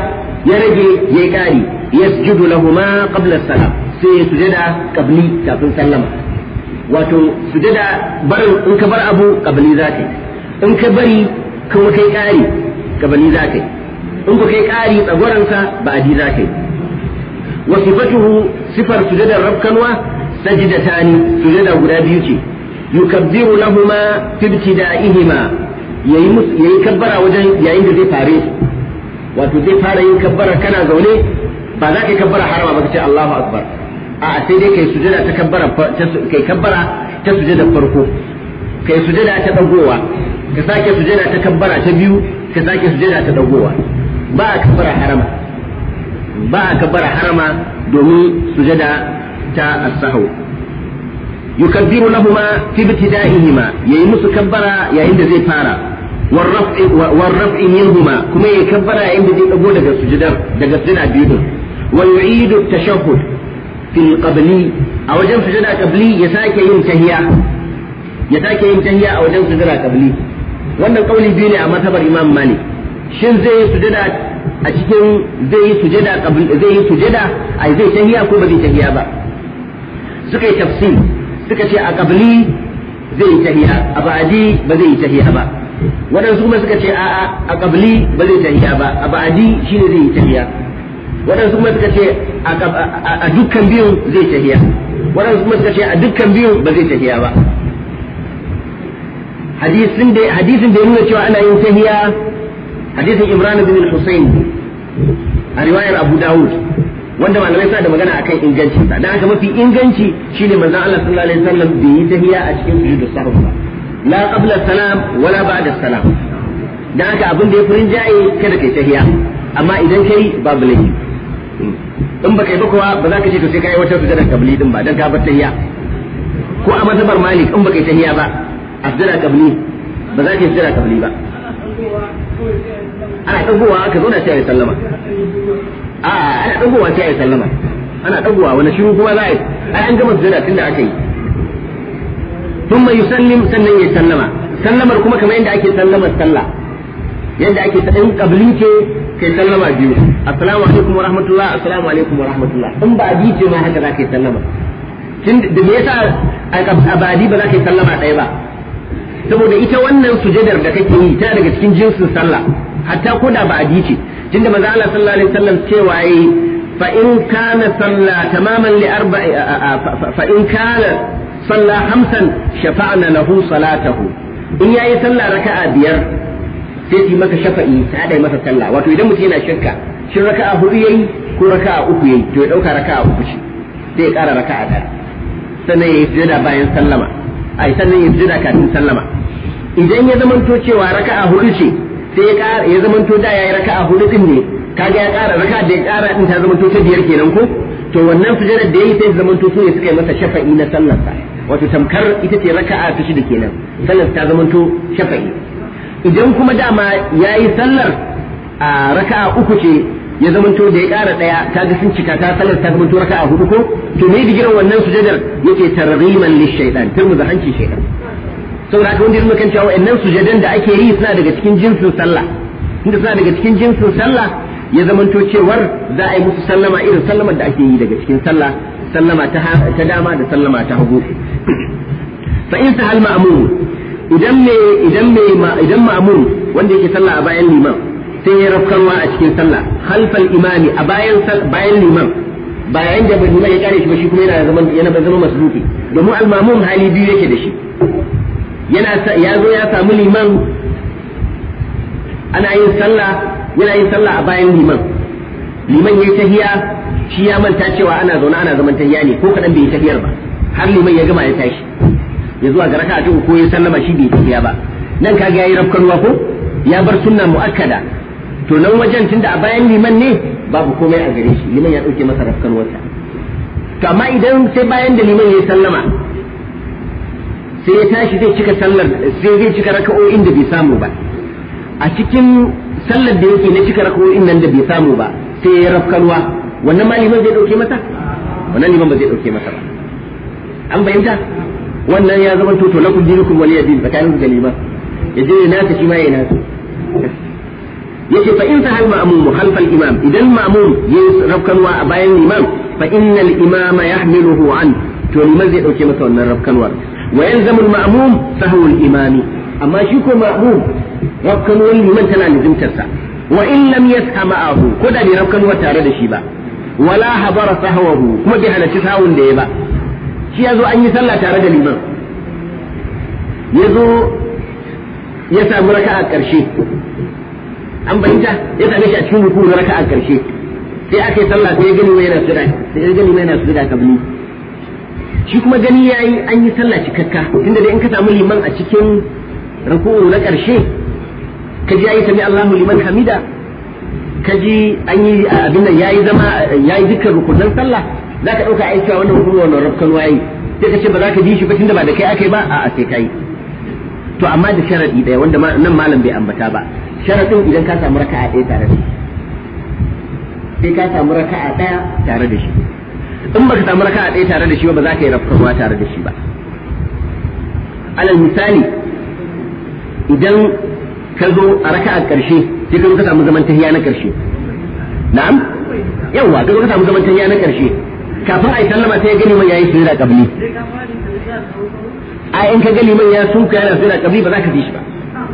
ya rage yayi kari yasjudu lahumma qabla salam sai sujada qabli kafin sallama wato sujada in ka bar abu qabli zaka in ka bari kuma kai ƙari gabani za ka yi. in ku kai ƙari tsagoransa ba adi za ka kai wa sifatuhu sifar sujadar rabkanwa sajidatani sujada guda biyu ce yukabbiru lahuma fi ibtida'ihima ya yayi kabbara wajen yayin da zai fare wato zai fara yin kabbara kana zaune ba za ka yi kabbara harama ba ka ce Allahu akbar a sai dai kai sujada ta kabbara kai kabbara ta sujada farko kai sujada ta dagowa ka sake sujada ta kabbara ta biyu ka sake sujada ta dagowa ba a kabbara harama ba a kabbara harama domin sujada ta as-sahw yukabbiru lahumu fi ibtida'ihima yayi musu kabbara yayin da zai fara والرفع والرفع منهما كما يكبر عند دي دغو daga sujudar daga sujada biyu din ويعيد التشهد في qabli a wajen sujada qabli ya sake yin tahiya ya sake yin tahiya a wajen sujada qabli wannan kauli biyu ne a matabar imam mani shin zai yi sujada a cikin zai yi sujada zai yi sujada ai zai tahiya ko ba zai tahiya ba suka yi tafsir suka ce a kabli zai yi tahiya a ba'adi ba zai yi tahiya ba waɗansu kuma suka ce a'a a kabli ba zai tahiya ba a ba'adi shine zai yi tahiya waɗansu kuma suka ce a dukkan biyun zai tahiya waɗansu kuma suka ce a dukkan biyun ba zai tahiya ba hadisin da hadisin da nuna cewa ana yin tahiya hadisin Imran bin a riwayar Abu Dawud wanda malamai sa da magana akan inganci da dan haka mafi inganci shine manzon Allah sallallahu alaihi wasallam bai yi tahiya a cikin sujud sahwi ba la qabla salam wala ba'da salam dan haka abin da ya furin jaye kada kai tahiya amma idan kai babu laifi in ba kai ba kuwa ba za ka ce to sai kai wata sujudar kabli din ba dan ka bar tahiya ko a mazhabar Malik in ba kai tahiya ba asdira kabli ba za ka yi sira kabli ba ana dagowa ka zo na sai ya sallama a ana dagowa sai ya sallama ana dagowa wani shiru kuma za a yi ai an gama tun tunda aka yi mai yusallim sannan ya sallama sallamar kuma kamar yadda ake sallamar sallah yadda ake ta in kabli ce kai sallama biyu assalamu alaikum wa rahmatullah assalamu alaikum wa rahmatullah in ba abi ce ma haka za ka yi sallama tun da me yasa a abadi ba za ka yi sallama ɗaya ba saboda ita wannan sujadar da kake yi ta daga cikin jinsin sallah hatta ko da ba ce tunda manzo Allah sallallahu alaihi wasallam cewa yayi fa in kana salla tamaman li arba'i fa in kana salla hamsan shafa'na lahu salatahu in yayi sallah raka'a biyar sai yi maka shafa'i ta dai masa sallah wato idan mutum yana shirka shin raka'a hudu yayi ko raka'a uku yayi to ya dauka raka'a uku ce sai ya kara raka'a ɗaya sannan ya yi sujada bayan sallama ai sannan ya sujada kafin sallama idan ya to cewa raka'a hudu ce sai ya da ya yi da yayi raka'a hudu din ne kaga ya kara raka'a da ya ƙara din ta to ta biyar kenan ko to wannan sujadar da yayi sai zamanto su ne suka yi masa shafa'i na sallar wato tamkar ita ce raka'a ta shida kenan sallar ta zamanto shafa'i idan kuma dama yayi sallar a raka'a uku ce ya zamanto da ya ƙara ɗaya ta ga sun cika ta salar ta zamanto raka a hudu ko to me bigiran wannan sujadar yake tarriman tarmu da hanci shaytan saboda haka wanda ya kan cewa wannan sujadan da ake yi suna daga cikin jinsin sallah inda suna daga cikin jinsin sallah ya zamanto cewar za a yi musu sallama irin sallamar da ake yi daga cikin sallah sallama ta dama da sallama ta hagu fa in sahal ma'mum idan me idan me idan ma'mum wanda yake sallah a bayan liman sai ya rafkanwa a cikin sallah khalfal imami a bayan bayan liman ba da liman ya kare shi ba shi kuma yana zaman yana zama masbuki domin al hali biyu yake da shi yana ya zo ya samu liman ana yin sallah yin sallah a bayan liman liman yayi tahiya shi ya manta cewa ana zaune ana zaman tahiya ne ko kaɗan bai yi tahiyar ba har liman ya gama ya tashi ya zuwa ga raka'a ta ko ya sallama shi bai tahiya ba nan kaga ya yi yayi ruwa ko ya bar sunna muakkada to nan wajen tunda a bayan liman ne babu komai a gare shi liman ya dauke masa rafkan wata to amma idan sai bayan da liman ya sallama sai ya tashi zai cika sallar sai zai cika raka'o'in da bai samu ba a cikin sallar da yake na cika raka'o'in nan da bai samu ba sai ya rafkalwa wannan ma liman zai dauke masa wannan liman ba zai dauke masa ba an fahimta wannan ya zama to to lakum dinukum waliya din tsakanin da liman yaje ne nasa shi ma ya nasa yake fa in sahal ma'mum khalfal imam idan ma'mum yayi rabkanwa a bayan imam fa innal imama yahmiluhu an to liman zai dauke masa wannan rabkanwar wa yalzamu ma'mum sahwu al imami amma shi ko ma'mum rafkanwar liman tana lazimtar sa wa in lam yas'a ma'ahu ko da bai rafkanwar tare da shi ba wala habara sahwahu kuma bai halarci sahun da ya ba shi yazo an yi sallah tare da liman yazo ya samu raka'a karshe an bayyana ya same shi a cikin ruku na raka'a karshe sai aka yi sallah sai ya gani mai yana sujada sai ya gani mai yana sujada kabli shi kuma gani yayi an yi sallah cikakka tunda dai in ka samu liman a cikin ruku na karshe ka ji ayi sami Allahu liman hamida ka ji an yi abin nan yayi zama yayi dukkan rukunan sallah zaka dauka ayi cewa wannan ruku wannan rukun wayi sai ka ce ba za ka ji shi ba tunda ba da kai akai ba a'a sai kai to amma da sharadi daya wanda nan malam bai ambata ba sharaɗin idan ka samu raka'a ɗaya tare da shi sai ka samu raka'a ɗaya tare da shi in baka samu raka'a ɗaya tare da shi ba za ka yi rafkarwa tare da shi ba alal misali idan ka zo a raka'a ƙarshe sai ka zo ka samu zaman tahiya na ƙarshe na'am yawa ka zo ka samu zaman tahiya na ƙarshe kafin a yi sallama sai ya gani man yayi da qabli a in ka gani man ya suka yana da qabli ba za ka bi shi ba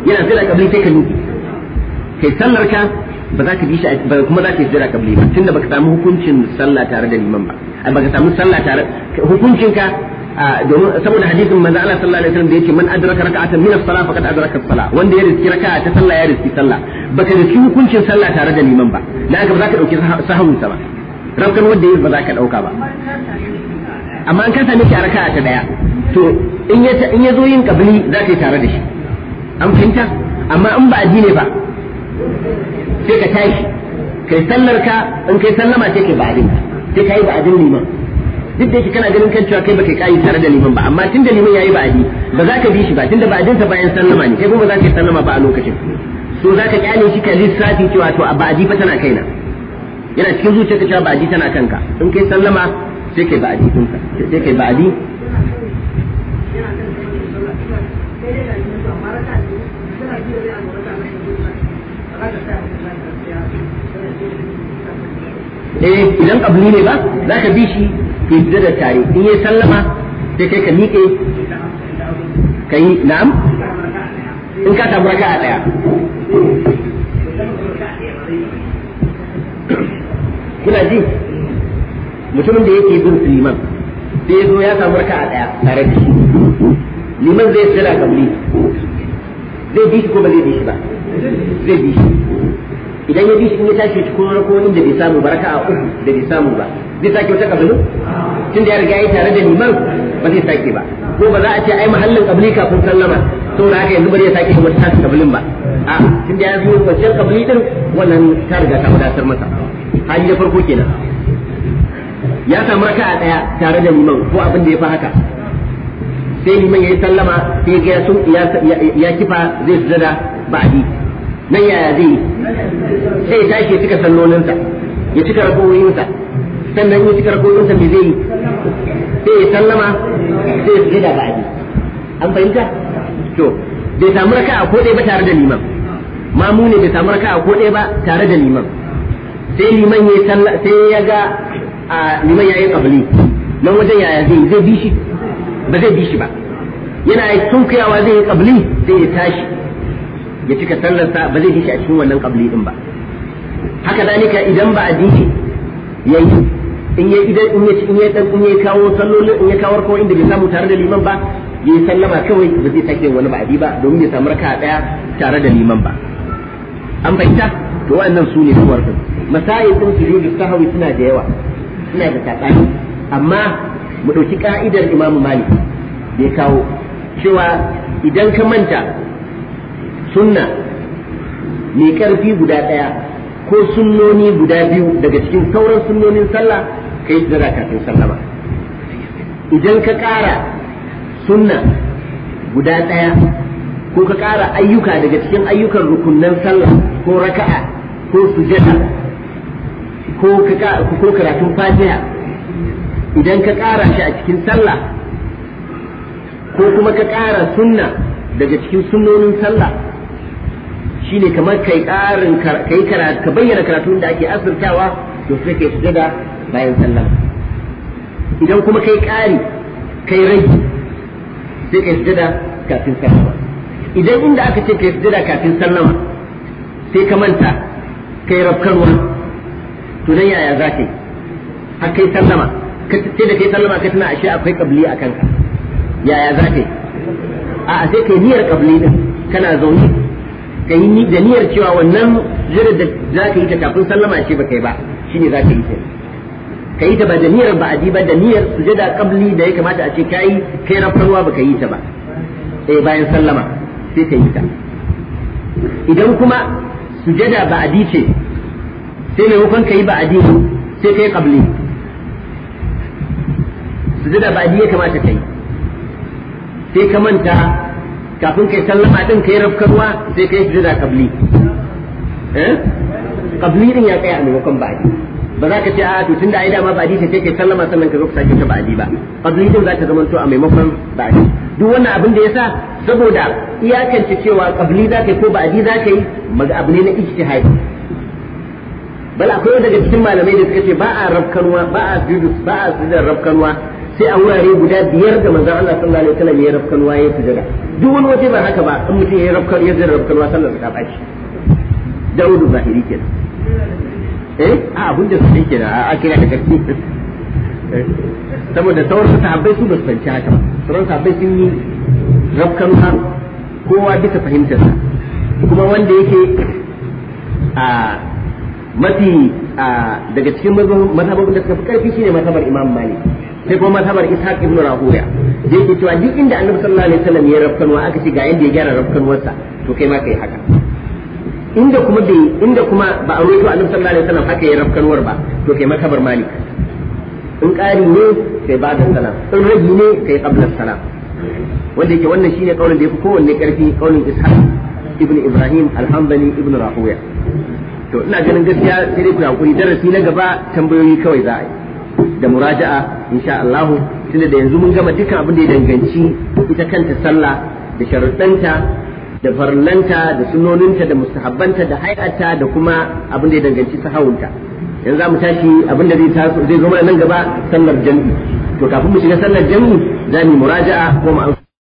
yana da qabli sai ka nufi kai sallar ka ba za ka bi shi kuma za ka yi sujada kabli ba tunda baka samu hukuncin sallah tare da liman ba baka samu sallah tare hukuncin ka domin saboda hadisin manzo Allah sallallahu alaihi wasallam da yake man adraka rak'atan min as-salah faqad adraka as-salah wanda ya riski raka'a ta sallah ya riski sallah baka riski hukuncin sallah tare da liman ba dan haka ba za ka dauki sahun sa ba raukan wanda yayi ba za ka dauka ba amma an ka same shi a raka'a ta daya to in ya in ya zo yin kabli za ka yi tare da shi an fahimta amma in ba addini ba sai ka tashi kai sallar ka in kai sallama sai kai ba'adin sai kai ba'adin liman duk da shi kana ganin kan cewa kai baka kai tare da liman ba amma tunda liman yayi ba'adi ba za ka bi shi ba tunda ba'adin sa bayan sallama ne kai kuma za ka yi sallama ba a lokacin so za ka kyale shi ka lissafi cewa to a ba'adi fa tana kaina yana cikin zuciyarka cewa ba'adi tana kanka in kai sallama sai kai ba'adi sai kai ba'adi eh idan kabli ne ba za ka bi shi ke yi da tare in yi sallama sai kai ka miƙe ka yi na'am in ka samu raka a ɗaya kuna ji mutumin da yake bin liman sai ya zo ya samu raka a ɗaya tare da shi liman zai sira kabli zai bi shi ko ba zai bi shi ba zai bi shi idan ya bi shi in ya tashi ko ko inda bai samu baraka a uku da bai samu ba zai sake wata kabilu tunda ya riga ya tare da liman ba zai sake ba ko ba za a ce ai mahallin kabili kafin sallama da haka yanzu ba zai sake wata tashi kabilin ba a tunda ya zo kwanciyar kabili din wannan ta riga ta wadatar masa hali da farko kenan ya samu a daya tare da liman ko abin da ya fi haka sai liman ya yi sallama sai ga ya kifa zai sujada ba a nan yaya zai yi sai ya tashi ya cika sallolinsa ya cika rakowoyinsa sannan ya cika rakowoyinsa mai zai yi sai ya sallama sai ya fi ba aji an fahimta to bai samu a ko ɗaya ba tare da liman mamu ne bai samu a ko ɗaya ba tare da liman sai liman ya salla sai ya ga a liman yayi qabli nan wajen yaya zai zai bi shi ba zai bi shi ba yana sunkuyawa zai yi qabli sai ya tashi ya cika sallarsa ba zai shi a cikin wannan kabli din ba haka zalika idan ba addini yayi in ya idan in yayi in yayi dan kawo sallolin in ya kawar ko inda bai samu tare da liman ba yayi sallama kawai ba zai take wani ba'adi ba domin ya samu raka'a daya tare da liman ba an fahimta to wannan su ne din su din sujudu sahwi suna da yawa suna da tsakani amma mu dauki ka'idar imamu malik bai kawo cewa idan ka manta sunna mai ƙarfi guda ɗaya ko sunnoni guda biyu daga cikin sauran sunnonin sallah kai sujada kafin ba. idan ka ƙara sunna guda ɗaya ko ka ƙara ayyuka daga cikin ayyukan rukunan sallah ko raka'a ko sujada ko karatun fatiha idan ka ƙara shi a cikin sallah ko kuma ka ƙara sunna daga cikin sunnonin sallah shine kamar kai karin kai karatu ka bayyana karatun da ake asirtawa to sai kai sujada bayan sallah idan kuma kai kari kai rai sai kai sujada kafin sallama idan inda aka ce kai sujada kafin sallama sai ka manta kai rafkarwa to nan yaya za ka yi har kai sallama sai da kai sallama ka tana ashe akwai kabli a kanka yaya za ka yi? a sai kai niyyar kabli din kana zaune ka yi da niyyar cewa wannan zirar da za ka yi ta kafin sallama ce ba kai ba shine za ka yi ta ka yi ta ba da niyyar ba ba da niyyar jada qabli da ya kamata a ce kai kai rafarwa ba ka yi ta ba sai eh, bayan sallama sai ka yi ta idan kuma jada ba adi ce sai maimakon ka yi ba adi sai kai qabli jada ba adi ya kamata ka yi sai ka manta kafin kai sallama din kai rafkarwa sai kai sujada qabli eh qabli din ya kai a maimakon ba'di ba za ka ce a to tunda ai dama ba'di sai kai sallama sannan ka zo ka sake ta ba'di ba qabli din za ta zama to a maimakon ba'di duk wannan abin da yasa saboda iyakance cewa qabli za ka yi ko ba'di za ka yi maga abu ne na ijtihadi bal akwai daga cikin malamai da suka ce ba a rafkanwa ba a judus ba a sujada rafkanwa sai a wurare guda biyar da manzon Allah sallallahu alaihi wasallam ya rafkan waye jira duk wani waje ba haka ba in mutum ya rafkan ya jira rafkan wa sallar ta baci daudu zahiri kenan eh a abun da suke kenan a kira da gaske saboda sauran sahabbai su ba su fanci haka ba sauran sahabbai sun yi rafkan wa kowa bisa sa kuma wanda yake a mafi daga cikin mazhabin da suka fi karfi shine mazhabar Imam Malik sai kuma mazhabar ishaq ibn rahuya da yake cewa duk inda annabi sallallahu alaihi wasallam ya rafkanwa aka ce ga inda ya gyara rafkanwarsa to kai ma kai haka inda kuma bai inda kuma ba a roƙo annabi sallallahu alaihi wasallam haka ya rafkanwar ba to kai makabar malik in ƙari ne sai ba da salam in ragi ne sai qabla salam wanda yake wannan shine kaulin da yafi kowanne karfi kaulin ishaq ibn ibrahim al-hanbali ibn rahuya to ina ganin gaskiya sai dai ku hakuri darasi na gaba tambayoyi kawai za a yi da muraja'a insha Allah tunda da yanzu mun gama dukkan abin da ya danganci ita kanta sallah da sharuɗanta da farlanta da sunoninta da mustahabbanta da hay'ata da kuma abin da ya danganci sahawunta yanzu za mu tashi abin da zai zo mana nan gaba sallar jami'i to kafin mu shiga sallar jami'i za mu muraja'a ko mu